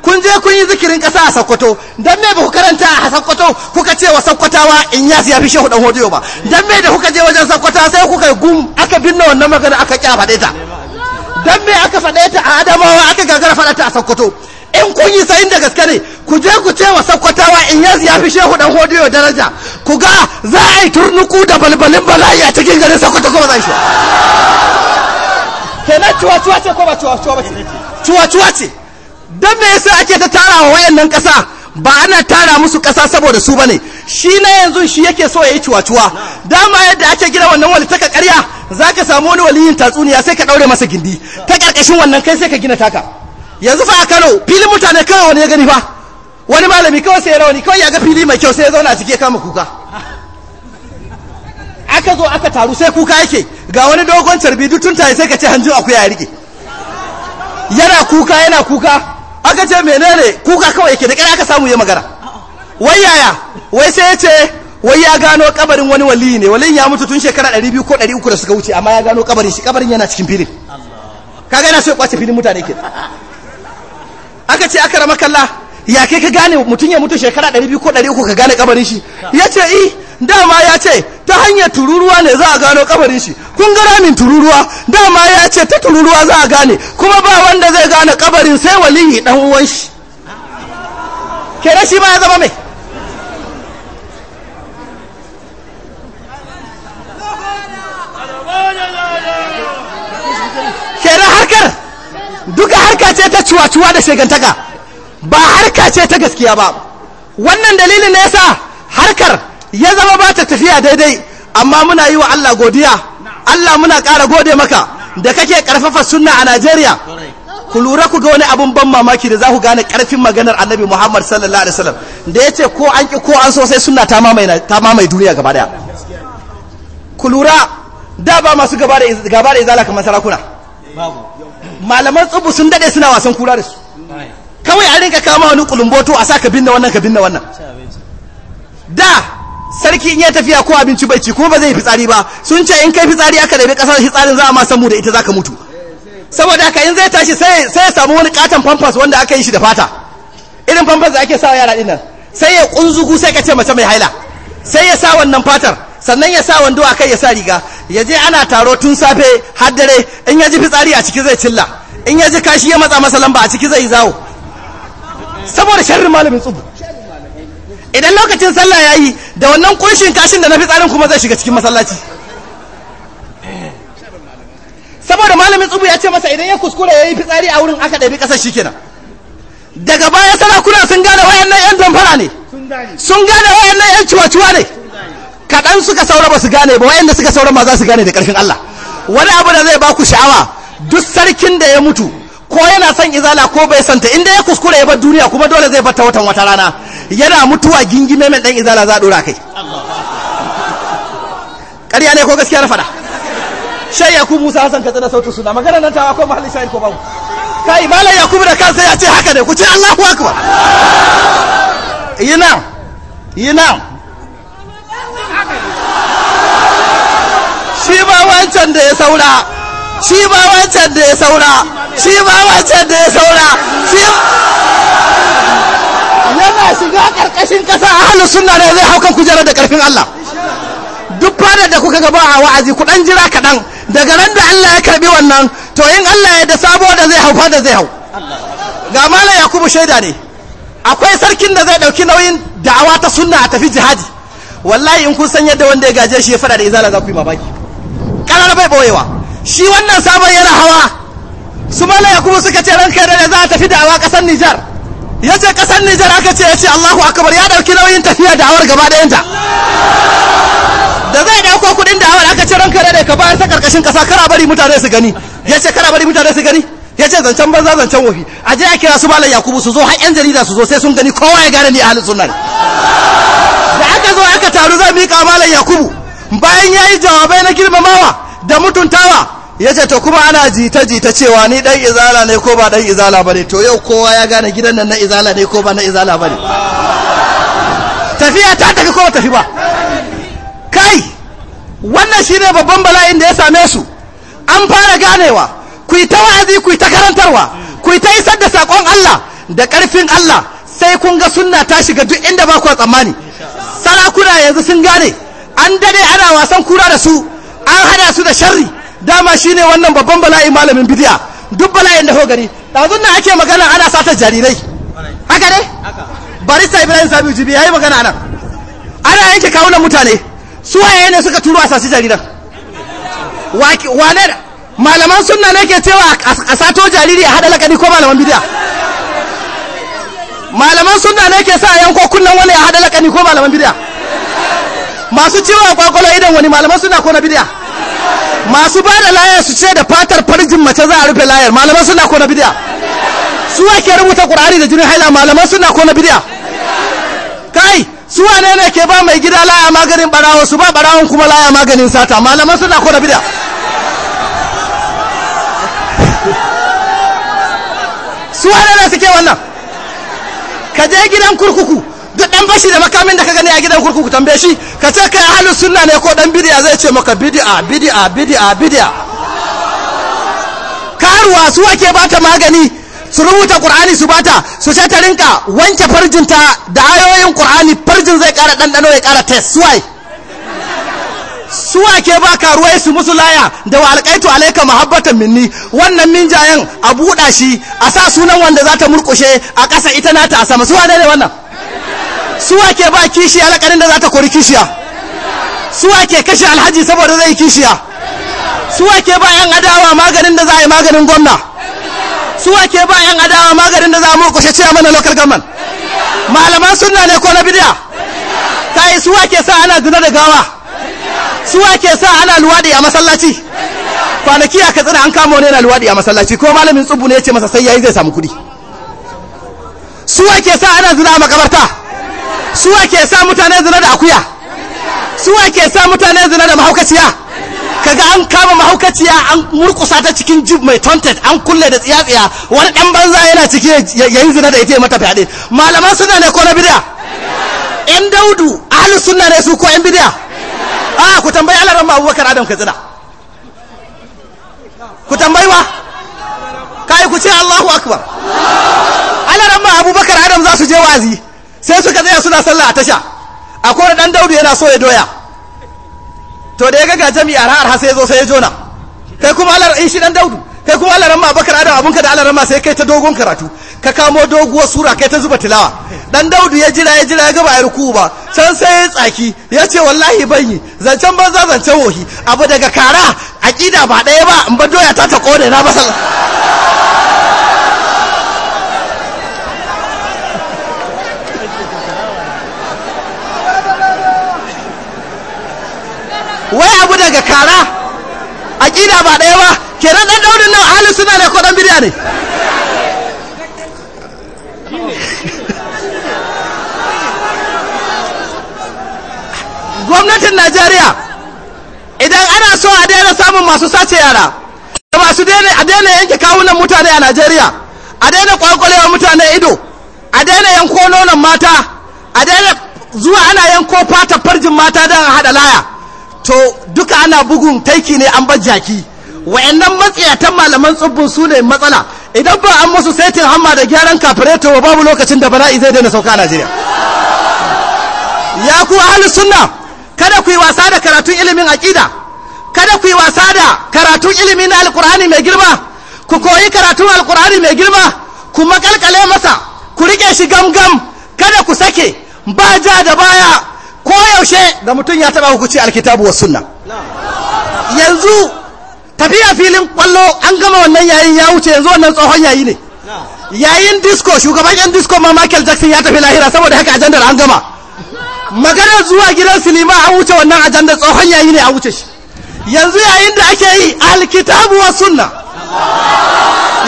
kun je kun yi zikirin ƙasa a Sokoto dan me ba ku karanta a Sokoto kuka ce wa Sokotawa in ya fi shehu dan hodiyo ba dan me da kuka je wajen Sokotawa sai kuka gum aka binne wannan magana aka kya faɗe ta dan me aka faɗe ta a Adamawa aka gagara faɗa ta a Sokoto in kun yi sayin da gaske ne ku je ku ce wa Sokotawa in ya fi shehu dan hodiyo daraja ku ga za a yi turnuku da balbalin bala'i a cikin garin Sokoto ko ba za shi kenan cuwa-cuwa ce ko ba cuwa cuwa ba ce cuwa-cuwa ce don me yasa ake ta tara wa wayannan kasa ba ana tara musu kasa saboda su bane shi na yanzu shi yake so yayi cuwa-cuwa dama yadda ake gina wannan wali ta ƙarya zaka samu wani waliyin tatsuniya sai ka daure masa gindi ta ƙarƙashin wannan kai sai ka gina taka yanzu fa a Kano filin mutane kawai wani ya gani fa wani malami kawai sai ya rawani kawai ya ga fili mai kyau sai ya zauna a ciki ya kama kuka aka zo aka taru sai kuka yake ga wani dogon tarbi duk tuntaye sai ka ce hanjin akuya ya rike yana kuka yana kuka aka ce menene kuka kawai yake da kira aka samu ya magana wai yaya wai sai ya ce wai ya gano kabarin wani wali ne walin ya mutu tun shekara 200 ko 300 da suka wuce amma ya gano kabarin shi kabarin yana cikin filin kaga yana so ya kwace filin mutane ke aka ce aka rama kalla ya kai ka gane mutum ya mutu shekara 200 ko 300 ka gane kabarin shi ya ce eh dama ya ce ta hanyar tururuwa ne za a gano kabarin shi kun ga ramin tururuwa dama ya ce ta tururuwa za a gane kuma ba wanda zai gane kabarin sai waliyi dan uwan shi kera shi ma ya zama mai kera harkar duka harka ce ta cuwa-cuwa da shegantaka ba harka ce ta gaskiya ba wannan dalilin ne yasa harkar ya zama ba ta tafiya daidai amma muna yi wa Allah godiya Allah muna ƙara gode maka da kake ƙarfafa sunna a Najeriya ku lura ku ga wani abun ban mamaki da za ku gane ƙarfin maganar Annabi Muhammad sallallahu alaihi wasallam da yace ko an ki ko an so sai sunna ta mamaye ta mamaye duniya gaba daya ku lura da ba masu gaba da gaba da izala kamar sarakuna malaman tsubu sun dade suna wasan kura da su kawai a rinka kama wani kulumboto a saka binne wannan ka binne wannan da sarki in ya tafiya ko abinci bai ci kuma ba zai fitsari ba sun ce in kai fitsari aka rabe kasar fitsarin za a ma samu da ita zaka mutu saboda haka in zai tashi sai sai ya samu wani katon pampers wanda aka yi shi da fata irin pampers da ake sawa yara dinnan sai ya kunzugu sai ka ce mace mai haila sai ya sa wannan fatar sannan ya sa wando akai ya sa riga ya je ana taro tun safe har dare in ya ji fitsari a ciki zai cilla in ya ji kashi ya matsa masa lamba a ciki zai zawo saboda sharrin malamin tsubu idan lokacin sallah ya yi da wannan kunshin kashin da na fi tsarin kuma zai shiga cikin masallaci saboda malamin tsubu ya ce masa idan ya kuskura ya yi fitsari a wurin aka ɗabi ƙasar shi kenan daga baya sarakuna sun gane wayannan yan damfara ne sun gane wayannan yan ciwaciwa ne kaɗan suka saura ba su gane ba wayanda suka saura ma za su gane da ƙarfin Allah wani abu da zai ba ku sha'awa duk sarkin da ya mutu ko yana son izala ko bai santa inda ya kuskure ya bar duniya kuma dole zai ta watan wata rana yana mutuwa gingime mai dan izala za dora kai ƙarya ne ko gaskiya na faɗa shai yakubu musa hassan tsada sautu suna magana nan ta akwai mahalli shahid ko babu kai malam yakubu da kansa ya ce haka ne ku ce allahu akbar yi nan shi ba wancan da ya saura shi ba wancan da ya saura shi ba wancan da ya saura shi yana shiga karkashin kasa halin sunna ne zai haukan kujerar da karfin Allah duk fadar da kuka gaba a wa'azi ku dan jira kaɗan daga ran da Allah ya karbi wannan to in Allah ya da sabo da zai hau fada zai hau ga malam yakubu shaida ne akwai sarkin da zai dauki nauyin da'awa ta sunna a tafi jihadi wallahi in kun san yadda wanda ya gaje shi ya fada da izala za ku yi mamaki karar bai boyewa shi wannan sabon yana hawa su mala yakubu suka ce ranka da za a tafi awa kasar nijar ya ce kasar nijar aka ce ya ce allahu akbar ya dauki nauyin tafiya da'awar gaba ɗayanta da zai dauko kudin da'awar aka ce ranka da ka bayar ta karkashin kasa kara bari mutane su gani ya ce kara bari mutane su gani ya ce zancen banza zancen wofi a je a kira su malam yakubu su zo har yan jarida su zo sai sun gani kowa ya gane ni a halin sunan. da aka zo aka taru zai mika malam yakubu bayan ya yi jawabai na girmamawa da mutuntawa ya ce to kuma ana jita jita cewa ni dan izala ne ko ba dan izala bane to yau kowa ya gane gidan nan na izala ne ko ba na izala bane tafiya ta tafi ko ba tafi ba kai wannan shi ne babban bala'in da ya same su an fara ganewa ku yi ta wa'azi ku yi ta karantarwa ku yi ta isar da sakon Allah da karfin Allah sai kun ga sunna ta shiga duk inda ba ku tsammani sarakuna yanzu sun gane an dade ana wasan kura da su an hada su da sharri dama ne wannan babban bala'i malamin bidiya duk bala'in da hogari ɗazun na ake magana ana satar jarirai haka ne barista ibrahim sabi jibi ya yi magana nan ana yanke kawunan mutane su waye ne suka turo a saci jariran wane malaman sunna ne ke cewa a sato jariri a haɗa lakani ko malaman bidiya malaman sunna ne ke sa a yanko kunnan wani a haɗa lakani ko malaman bidiya masu cewa kwakwalo idan wani malaman suna ko na bidiya masu ba da layar su ce da fatar farjin mace za a rufe layar malaman suna ko na bidiya su ke rubuta ƙur'ari da jini haila malaman suna ko na bidiya kai su wane ne ke ba mai gida laya maganin barawon su ba barawon kuma laya maganin sata malaman suna ko na bidiya su wane ne suke wannan ka je gidan kurkuku duk dan bashi da makamin da ka gani a gidan kurkuku tambaye shi ka ce kai ahlus sunna ne ko dan bid'a zai ce maka bid'a bid'a bid'a bid'a karuwa su ake bata magani su rubuta qur'ani su bata su ce ta rinka wanke farjinta da ayoyin qur'ani farjin zai kara dandano ya kara test suwai suwa ke ba karuwai su musu laya da wa alƙaitu alaika mahabbatan minni wannan minjayen a buɗa shi a sa sunan wanda za ta murƙushe a kasa ita nata a sama suwa ne wannan su ke ba kishiya lakarin da za ta kori kishiya su ke kashe alhaji saboda zai kishiya su ke ba yan adawa maganin da za a yi maganin gwamna su ke ba yan adawa maganin da za a mokwashe ciya mana local government malaman suna ne ko na bidiya ta yi suwa ke sa ana zina da gawa su ke sa ana luwaɗi a masallaci kwanaki a katsina an kama ne na luwaɗi a masallaci ko malamin tsubu ne ya ce masa sai yayi zai samu kuɗi su ke sa ana zina a makabarta suwa ke sa mutane zina da akuya suwa ke sa mutane zina da mahaukaciya kaga an kama mahaukaciya an murkusa ta cikin jib mai tontet an kulle da tsiya-tsiya wani dan banza yana ciki yayin zina da ita mata fyaɗe malaman suna ne ko na bidiya yan daudu ahli sunna ne su ko yan bidiya a ku tambayi Allah ran abubakar adam katsina ku tambayi wa kai ku ce allahu akbar Allah ran abubakar adam za su je wazi sai suka tsaya suna sallah a tasha akwai dan daudu yana so ya doya to da ya ga gajami a ra'ar sai ya zo sai ya jona kai kuma alar shi dan daudu kai kuma Alar ma bakar adam abunka da Alar ma sai kai ta dogon karatu ka kamo doguwar sura kai ta zuba tilawa dan daudu ya jira ya jira ya gaba ya ruku ba can sai ya tsaki ya ce wallahi ban yi zancen banza zancen wohi abu daga kara aƙida ba ɗaya ba in ba doya ta ta kone na sallah wai abu daga kara a aƙida ba ɗaya ba nan ɗan ɗaurin nan hali suna ne ko ɗan ne gwamnatin najeriya idan ana so a daina samun masu sace yara da masu a daina yanke kawunan mutane a najeriya a daina kwakwalewa mutane ido a daina yanko nonon mata a daina zuwa ana yanko fata farjin mata don a haɗa laya to duka ana bugun taiki ne an bar jaki wayannan matsiyatan malaman tsubbun su ne matsala idan ba an musu saitin hamma da gyaran kafireto babu lokacin da bala'i zai daina sauka a Najeriya ya ku hali sunna kada ku yi wasa da karatun ilimin aƙida kada ku yi wasa da karatun ilimin na alƙur'ani mai girma ku koyi karatun alƙur'ani mai girma ku makalkale masa ku riƙe shi gamgam kada ku sake ba ja da baya ko yaushe da mutum ya taba hukuci alkitabu wa sunna yanzu tafiya filin kwallo an gama wannan yayin ya wuce yanzu wannan tsohon yayi ne yayin disco shugaban yan disco ma Michael Jackson ya tafi lahira saboda haka ajandar an gama maganar zuwa gidan sinima an wuce wannan ajandar tsohon yayi ne a wuce shi yanzu yayin da ake yi alkitabu wa sunna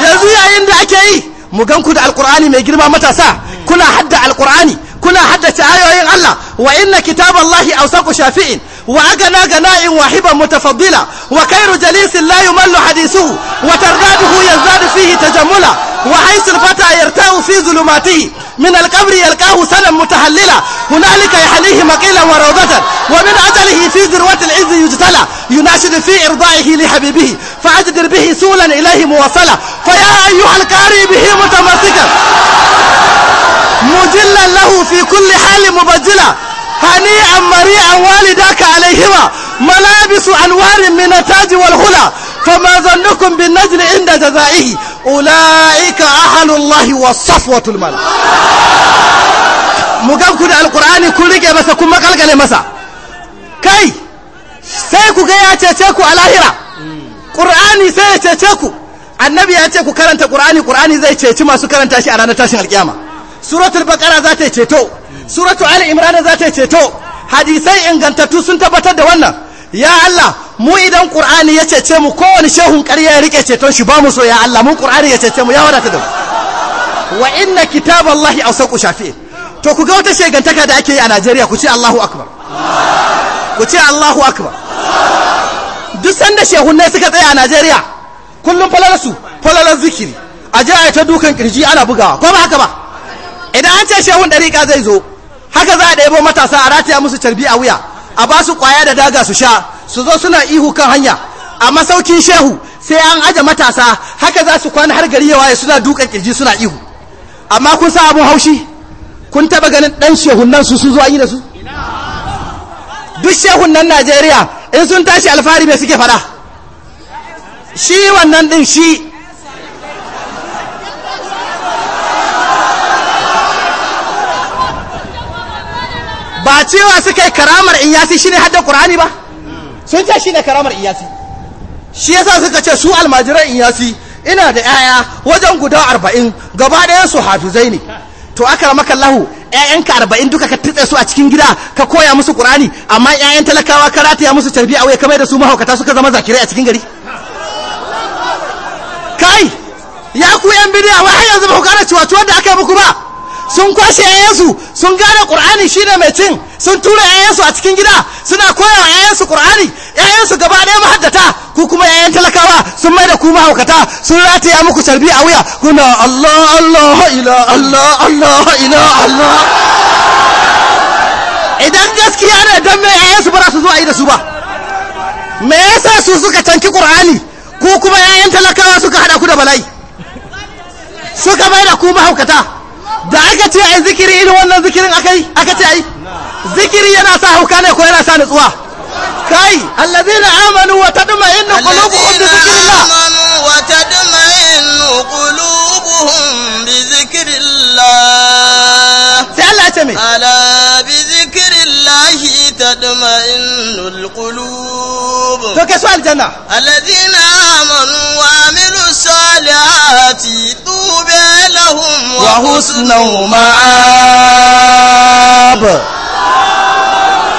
yanzu yayin da ake yi mu gan da alkur'ani mai girma matasa kuna hadda alkur'ani كل حد تعايو إن الله وإن كتاب الله أوثق شافئ وأغنى غناء واحبا متفضلا وكير جليس لا يمل حديثه وترداده يزداد فيه تجملا وحيث الفتى يرتاء في ظلماته من القبر يلقاه سنة متحللة هنالك يحليه مقيلا وروضة ومن أجله في ذروة العز يجتلى يناشد في إرضائه لحبيبه فأجدر به سولا إليه موصلا فيا أيها القاري به متمسكا مجلا له في كل حال مبجلا هنيئا مريئا والداك عليهما ملابس أنوار من التاج والهلا فما ظنكم بالنجل عند جزائه أولئك أهل الله والصفوة الملا muganku da alkur'ani kun rike masa kun makalkale masa kai sai ku ga ya cece ku a lahira ƙur'ani sai ya cece ku annabi ya ce ku karanta ƙur'ani ƙur'ani zai ceci masu karanta shi a ranar tashin alƙiyama suratul baqara za ta ceto suratul ali imran za ta ceto hadisai ingantattu sun tabbatar da wannan ya Allah mu idan ƙur'ani ya cece mu kowane shehun ƙarya ya rike ceton shi ba mu so ya Allah mu ƙur'ani ya cece mu ya wadata da wa inna kitaballahi awsaqu shafi to ku ga wata shegantaka da ake yi a Najeriya ku ce Allahu akbar ku ce Allahu akbar duk sanda shehunai suka tsaya a Najeriya kullum falalarsu falalar zikiri a je a ta dukan kirji ana bugawa ko ba haka ba idan an ce shehun dariƙa zai zo haka za a ɗebo matasa a rataya musu carbi a wuya a ba su ƙwaya da daga su sha su zo suna ihu kan hanya a masaukin shehu sai an aje matasa haka za su kwana har gari yawa suna dukan kirji suna ihu amma kun sa abun haushi kun taba ganin dan shehun nan su sun zo an yi da su duk shehun nan Najeriya in sun tashi alfahari mai suke fada shi wannan din shi ba cewa suka yi karamar iyasi shine hadda qur'ani ba sun ce shi ne karamar iyasi shi yasa suka ce su almajiran iyasi ina da yaya wajen guda arba'in gaba ɗayan su hafizai ne to aka ramakallahu ƴaƴanka arba'in duka ka tutse su a cikin gida ka koya musu ƙurani amma ƴaƴan talakawa ka rataya musu a wuya kamar da su mahaukata suka zama zakirai a cikin gari kai ya ku yan bidiya wai har yanzu ba ku cewa tuwon da aka yi muku ba sun kwashe yayansu sun gane qur'ani shine mai cin sun tura yayansu a cikin gida suna koya wa yayansu qur'ani yayansu gaba ɗaya mahaddata ku kuma yayan talakawa sun mai da ku mahaukata sun rataya muku carbi a wuya kuna Allah Allah ila Allah Allah ila Allah idan gaskiya ne don me yayansu ba su zo a yi da su ba me yasa su suka tanki qur'ani ku kuma yayan talakawa suka hada ku da bala'i suka mai da ku mahaukata da aka ce ai zikiri irin wannan zikirin akai aka ce ai zikiri yana sa hauka ne ko yana sa nutsuwa kai allazina amanu wa tadma'innu qulubuhum bi zikrillah amanu wa tadma'innu qulubuhum bi zikrillah sai Allah ya ce me ala bi zikrillah tadma'innul qulub القلوب فكسوا الجنة الذين آمنوا وعملوا الصالحات توبى لهم وحسن مآب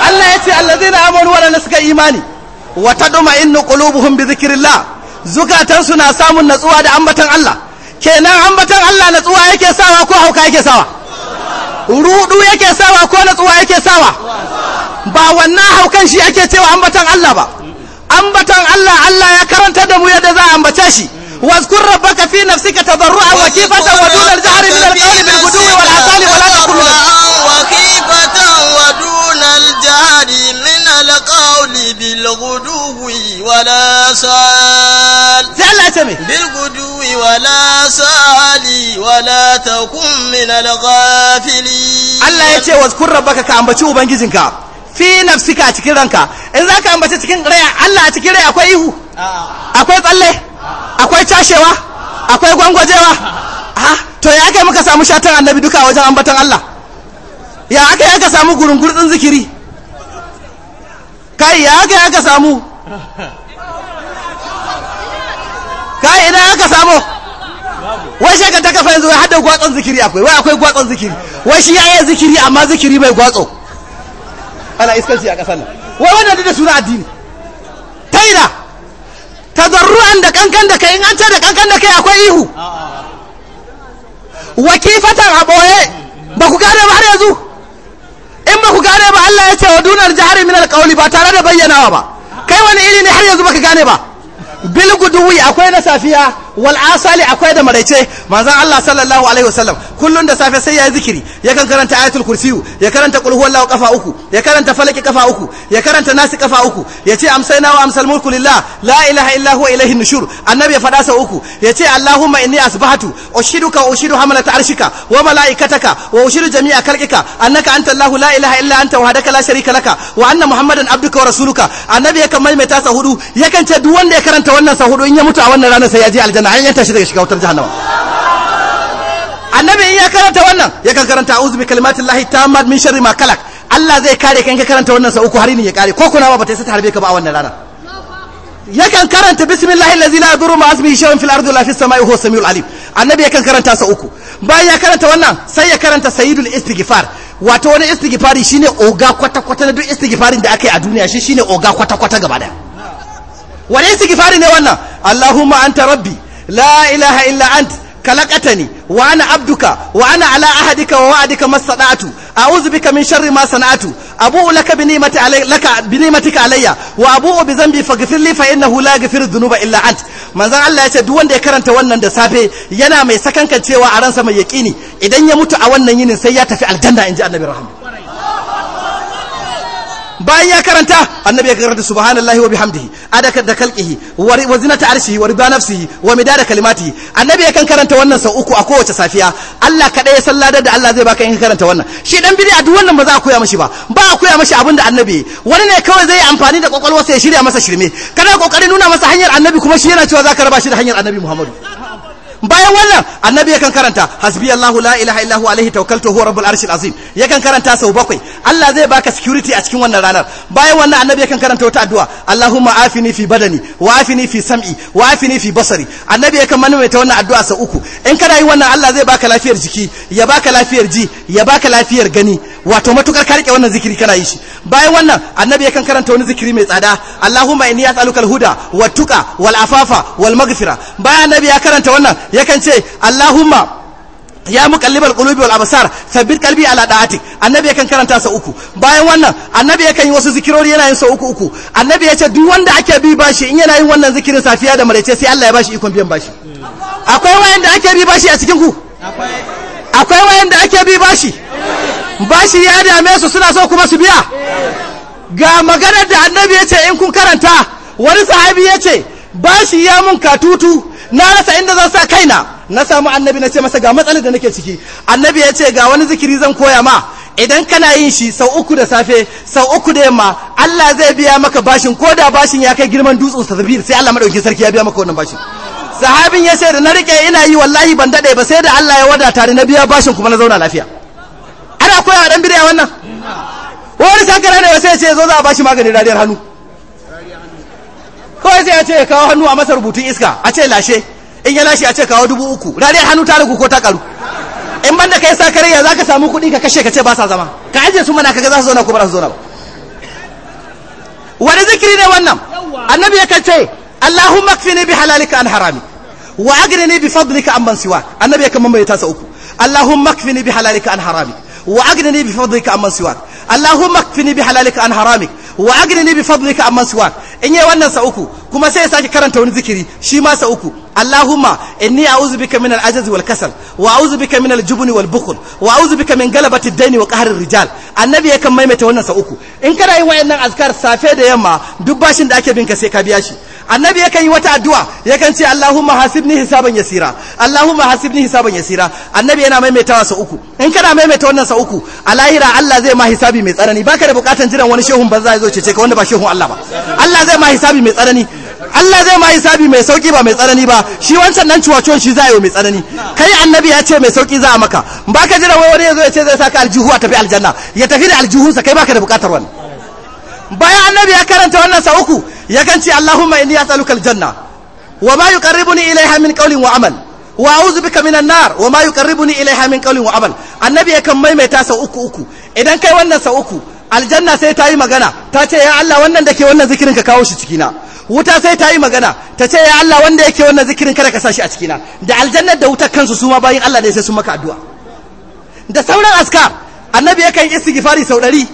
Allah ya ce allazina amanu lana suka imani wa taduma innu qulubuhum bi dhikrillah zukatansu na samun natsuwa da ambatan Allah kenan ambatan Allah natsuwa yake sawa ko hauka yake sawa rudu yake sawa ko natsuwa yake sawa ba wannan haukan shi ake cewa ambatan Allah ba ambaton Allah Allah ya karanta da mu yadda za a ambace shi wazkur rabbaka fi nafsika tadarrua wa khifata wa dun al-jahri min al-qawli bil ghudwi wal asali wa la takun min wa khifata wa dun al-jahri min al-qawli bil ghudwi wa la sal zalla tabi bil ghudwi wa la sali wa la takun min al-ghafili Allah yace wazkur rabbaka ka ambaci ubangijinka fi nafsika a cikin ranka in za ka ambaci cikin raya Allah a cikin rai akwai ihu akwai tsalle akwai cashewa akwai gwangwajewa to ya aka muka samu shatan annabi duka wajen ambatan Allah ya aka ya ka samu gurungurtsin zikiri kai ya aka ya ka samu kai ina ka samu wai shekar ta kafa yanzu wai hada gwatson zikiri akwai wai akwai gwatson zikiri wai shi ya yi zikiri amma zikiri bai gwatso ana iskanci a ƙasar nan wai da suna addini ta da tazarru'an da kankan da kai an ce da kankan da kai akwai ihu wakifatan a ɓoye ba ku gane ba har yanzu in ba ku gane ba Allah ya ce wa dunar jihar min alƙawli ba tare da bayyanawa ba kai wani iri ne har yanzu baka gane ba bil guduwi akwai na safiya wal asali akwai da maraice manzon Allah sallallahu alaihi wasallam kullun da safe sai yayi zikiri ya kan karanta ayatul kursi ya karanta qul huwallahu qafa uku ya karanta falaki kafa uku ya karanta nasi qafa uku yace amsayna wa amsal mulku lillah la ilaha illa huwa ilayhi nushur annabi ya fada sau uku yace allahumma inni asbahatu ushiduka ushidu hamalata arshika wa malaikataka wa ushidu jami'a khalqika annaka anta allah la ilaha illa anta wahdaka la sharika laka wa anna muhammadan abduka wa rasuluka annabi ya yakan maimaita sa hudu yakan ce duk wanda ya karanta wannan sa hudu in ya mutu a wannan ranar sai ya je aljanna an ya tashi daga shiga wutar jahannama annabi in ya karanta wannan ya kan karanta a'udhu bi ta tammat min sharri ma kalak Allah zai kare ka in ka karanta wannan sau uku har ni ya kare ko kuna ba ta sai ta harbe ka ba a wannan rana kan karanta bismillahi allazi la yadurru ma ismihi shay'un fil ardi wala fis samai huwa samiul alim annabi kan karanta sa uku bayan ya karanta wannan sai ya karanta sayyidul istighfar wato wani istighfari shine oga kwata kwata na duk istighfarin da aka yi a duniya shi shine oga kwata kwata gaba daya wani istighfari ne wannan allahumma anta rabbi la ilaha illa anta kalakatani wa ana abduka wa ana ala ahadika wa wa'adika masada'atu a'udhu bika min sharri ma sana'atu abu laka bi ni'mati alayya laka bi ni'matika alayya wa abu bi dhanbi faghfir li fa innahu la yaghfiru dhunuba illa ant manzan Allah ya ce duk wanda ya karanta wannan da safe yana mai sakankan cewa a ransa mai yaqini idan ya mutu a wannan yinin sai ya tafi aljanna inji annabi bayan ya karanta annabi ya karanta subhanallahi wa bihamdihi adaka da kalqihi wa zinata arshihi wa rida nafsihi wa midada kalimatihi annabi ya kan karanta wannan sau uku a kowace safiya Allah kada ya salladar da Allah zai baka in karanta wannan shi dan bid'a duk wannan ba za a koya mashi ba ba a koya mashi abinda annabi wani ne kawai zai amfani da sai ya shirya masa shirme kana kokarin nuna masa hanyar annabi kuma shi yana cewa za ka raba shi da hanyar annabi Muhammadu bayan wannan annabi yakan karanta hasbi Allahu la ilaha illa huwa alaihi tawakkaltu huwa rabbul arshil azim yakan karanta sau bakwai Allah zai baka security a cikin wannan ranar bayan wannan annabi yakan karanta wata addu'a Allahumma afini fi badani wa afini fi sam'i wa afini fi basari annabi yakan maimaita wannan addu'a sau uku in kana yi wannan Allah zai baka lafiyar jiki ya baka lafiyar ji ya baka lafiyar gani wato matukar ka rike wannan zikiri kana yi shi bayan wannan annabi yakan karanta wani zikiri mai tsada Allahumma inni as'aluka al-huda wa tuqa wal afafa wal maghfira bayan annabi ya karanta wannan yakan ce Allahumma ya muqallibal qulubi wal absar thabbit qalbi ala da'atik annabi yakan karanta sa uku bayan wannan annabi yakan yi wasu zikirori yana yin sa uku uku annabi yace duk wanda ake bi bashi in yana yin wannan zikirin safiya da maraice sai Allah ya bashi ikon biyan bashi akwai wayanda ake bi bashi a cikin ku akwai wayanda ake bi bashi bashi ya dame su suna so kuma su biya ga maganar da annabi ya ce in kun karanta wani sahabi ya ce bashi ya mun katutu na rasa inda zan sa kaina na samu annabi na ce masa ga matsalar da nake ciki annabi ya ce ga wani zikiri zan koya ma idan kana yin shi sau uku da safe sau uku da yamma Allah zai biya maka bashin ko da bashin ya kai girman dutsen sabir sai Allah madauki sarki ya biya maka wannan bashin sahabin ya ce da na rike ina yi wallahi ban dade ba sai da Allah ya wada tare na biya bashin kuma na zauna lafiya ana koya ɗan bid'a wannan wani sakara ne sai ya ce zo za a bashi maganin rariyar hannu kawai sai ya ce kawo hannu a masa rubutun iska a ce lashe in ya lashe a ce kawo dubu uku rariyar hannu ta rugu ko ta karu in banda kai sakare ya ka samu kuɗi ka kashe ka ce ba sa zama ka ajiye su mana kaga za su zauna ko ba za su zauna ba wani zikiri ne wannan annabi ya ce Allahumma kfini bi halalika an harami wa agrini bi fadlika an man siwa annabi yakan mamaye ta sa uku Allahumma kfini bi halalika an harami واغنني بفضلك عمن سواك اللهم اكفني بحلالك عن uku kuma sai ya saki karanta wani zikiri shi ma sa uku allahumma inni a'udhu bika min wal kasal wa a'udhu bika min al-jubn wal bukhl wa galabati ad wa qahr rijal annabi yakan maimaita wannan sa uku in kana yin wayannan azkar safe da yamma duk bashin da ake bin sai ka biya shi annabi yakan yi wata addu'a yakan ce Allahumma hasibni hisaban yasira Allahumma hasibni hisaban yasira annabi yana maimaitawa sa uku in kana maimaita wannan sa uku a lahira Allah zai ma hisabi mai tsanani baka da bukatan jiran wani shehu banza zai zo cece ka wanda ba shehu Allah ba Allah zai ma hisabi mai tsanani Allah zai ma hisabi mai sauki ba mai tsanani ba shi wancan nan ciwaciwon shi zai yi mai tsanani kai annabi ya ce mai sauki za a maka baka jira wai wani ya zo ya ce zai saka aljihu a tafi aljanna ya tafi da aljihunsa kai baka da bukatar wannan bayan annabi ya karanta wannan sa uku yakan ce Allahumma inni as'aluka janna. wa ma yuqarribuni ilaiha min qawlin wa amal wa a'udhu bika minan nar wa ma yuqarribuni ilaiha min qawlin wa amal annabi yakan maimaita sau uku uku idan kai wannan sau uku aljanna sai ta yi magana ta ce ya Allah wannan da ke wannan zikirin ka kawo shi cikina wuta sai ta yi magana ta ce ya Allah wanda yake wannan zikirin kada ka sa shi a cikina da aljannar da wutar kansu su ma bayin Allah ne sai sun maka addu'a da sauran askar annabi yakan istighfari sau ɗari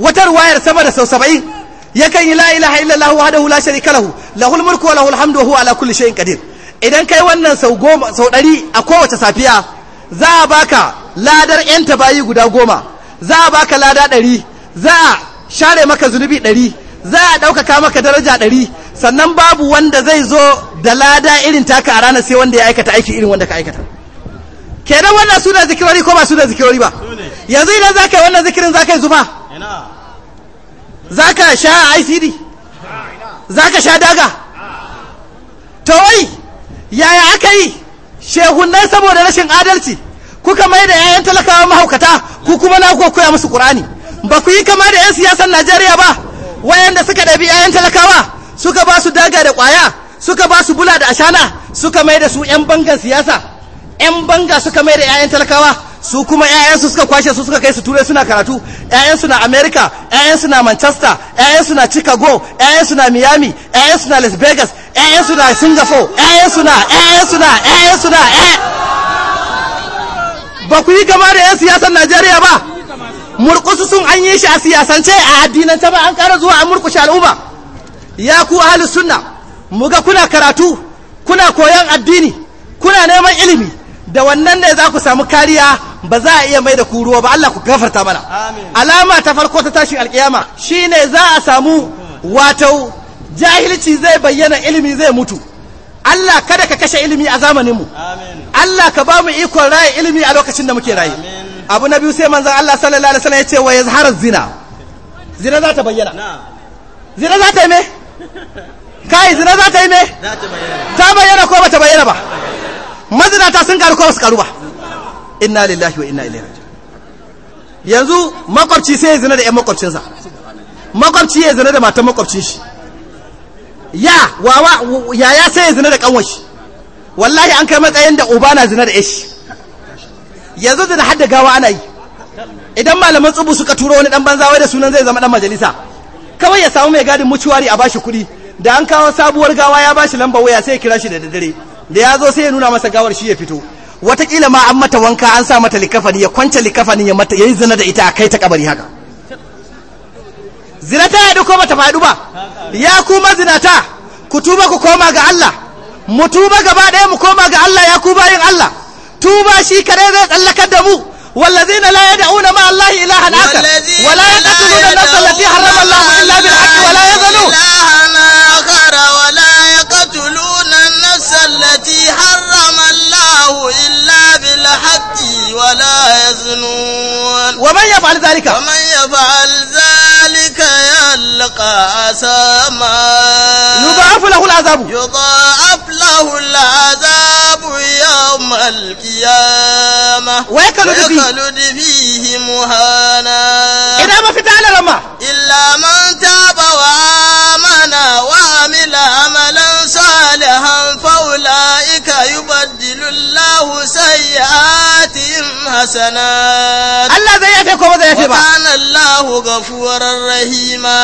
wata ruwayar sama da sau saba'in yakan yi la ilaha illallah wahdahu la sharika lahu lahul mulku wa lahul hamdu wa huwa ala kulli shay'in qadir idan kai wannan sau goma sau ɗari a kowace safiya za a baka ladar yan tabayi guda goma za a baka lada ɗari za a share maka zunubi ɗari za a ɗaukaka maka daraja ɗari sannan babu wanda zai zo da lada irin taka a ranar sai wanda ya aikata aiki irin wanda ka aikata kenan wannan suna zikirori ko ba suna zikirori ba yanzu idan za ka yi wannan zikirin za ka yi zufa za ka sha icd za ka sha daga to wai yaya aka yi shehunai saboda rashin adalci kuka mai da 'ya'yan talakawa mahaukata ku kuma na kuwa koya musu ƙurani ba ku yi kama da 'yan siyasan najeriya ba wayanda suka ɗabi 'ya'yan talakawa suka ba su daga da ƙwaya suka ba su bula da ashana suka mai da su 'yan bangan siyasa 'yan banga suka mai da 'ya'yan talakawa su kuma yayansu suka kwashe su suka kai su turai suna karatu su na america su na manchester su na chicago su na miami su na las vegas su na singapore su na su na su na ba ku yi gama da yan siyasar najeriya ba murkusu sun an yi shi a siyasance a addinance ba an kara zuwa an murkushe al'umma ya ku ahalus sunna mu ga kuna karatu kuna koyon addini kuna neman ilimi da wannan ne za ku samu kariya ba za a iya mai da kuruwa ba Allah ku gafarta mana alama ta farko ta tashin alkiyama shine za a samu wato jahilci zai bayyana ilimi zai mutu Allah kada ka kashe ilimi a zamanin mu Allah ka ba mu ikon raye ilimi a lokacin da muke raye abu na biyu sai manzon Allah sallallahu alaihi wasallam ya ce wa yazhara zina zina za ta bayyana zina za ta yi me kai zina za ta yi me ta bayyana ko ba ta bayyana ba mazinata sun karu ko ba su karu ba inna lillahi wa inna ilaihi raji'un yanzu makwabci sai ya zina da ƴan makwabcinsa makwabci ya zina da matan makwabcin shi ya wawa yaya sai ya zina da kanwar shi wallahi an kai matsayin da uba na zina da yashi yanzu zina hadda gawa ana yi idan malaman tsubu suka turo wani dan banza wai da sunan zai zama dan majalisa kawai ya samu mai gadin mucuwari a bashi kuɗi da an kawo sabuwar gawa ya bashi lamba waya sai ya kira shi da daddare da ya zo sai ya nuna masa gawar shi ya fito watakila ma an mata wanka an sa mata likafani ya kwance likafani ya mata yayi zina da ita kai ta kabari haka zina ta yadu ko bata faɗu ba ya kuma zinata ku tuba ku koma ga Allah mu tuba gaba daya mu koma ga Allah ya ku bayin Allah tuba shi kare zai tsallakar da mu والذين لا يدعون مع الله إلها آخر ولا يقتلون النفس التي حرم الله إلا بالحق ولا يزنون إلها آخر ولا يقتلون النفس التي حرم وما الله إلا بالحق ولا يزنون ومن يفعل ذلك ومن يفعل ذلك يلقى أساما يضاعف له العذاب يضاعف له العذاب يوم القيامة ويكلد فيه مهانا إذا ما في تعالى لما إلا من تاب وآمن وآمن hasanat Allah zai yafe ko ba zai yafe ba Allahu ghafurar rahima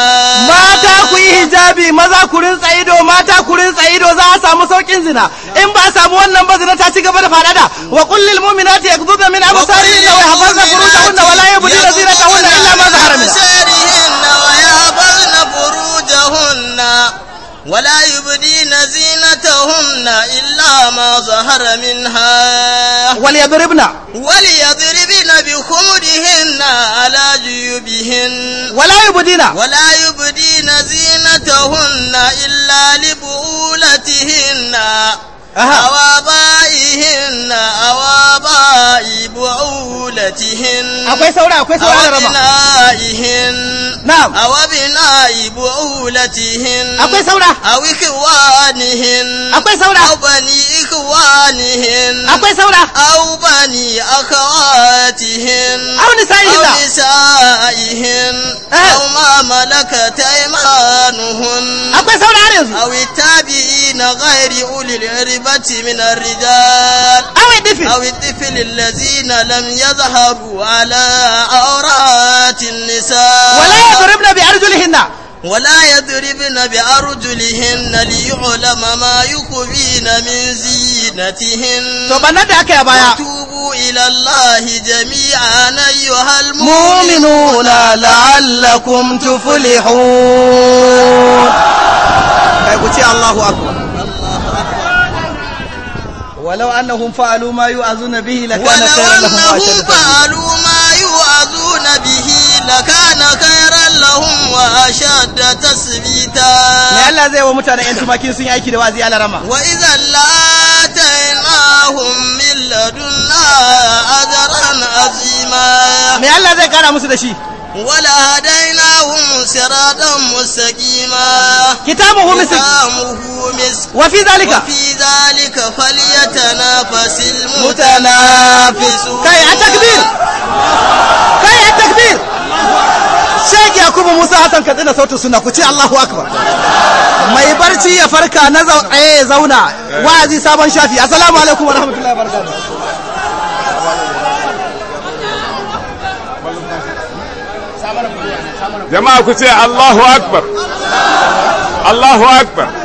mata ku yi hijabi maza ku rinsa ido mata ku rinsa ido za a samu saukin zina in ba a samu wannan ba zina ta ci gaba da fadada wa qul lil mu'minati yaghdudna min absarihinna wa yahfazna furujahunna wa la yubdina zinatahunna illa ma zahara minha ولا يبدين زينتهن إلا ما ظهر منها وليضربن وليضربن بخمرهن على جيوبهن ولا يبدين ولا يبدين زينتهن إلا لبؤولتهن أوابائهن أواباء بعولتهن أكوي سورة أكوي سورة على ربا أوابنائهن نعم أوابناء بعولتهن أكوي سورة أو إخوانهن أكوي سورة أو بني إخوانهن أكوي سورة أو بني أخواتهن أو نسائهن أو أه. ما ملكت أيمانهن أو التابعين غير أولي العرب الغيبة من الرجال أو الدفل أو الدفل الذين لم يظهروا على عورات النساء ولا يضربن بأرجلهن ولا يضربن بأرجلهن ليعلم ما يخفين من زينتهن بايا إلى الله جميعا أيها المؤمنون لعلكم تفلحون الله أكبر ولو أنهم فعلوا ما يوعظون به لكان خيرا لهم وأشد فعلوا ما يوعظون به lakana khairan lahum wa ashadda tasbita ne Allah zai wa mutanen yan tumakin sun yi aiki da wazi ala rama wa idza latainahum min ladunna ajran azima me Allah zai musu da shi ولا هديناهم صراطا مستقيما كتابه مسك كتابه مسك وفي ذلك وفي ذلك فليتنافس المتنافسون كي التكبير كي التكبير Sheikh kuma Musa Hassan Katsina sautin suna ku ce Allahu Akbar. Mai barci ya farka na tsaye eh, ya zauna wa'azi sabon shafi. Assalamu alaikum wa rahmatullahi wa barakatuh. Jama'a ku ce Allahu Akbar. Allahu Akbar.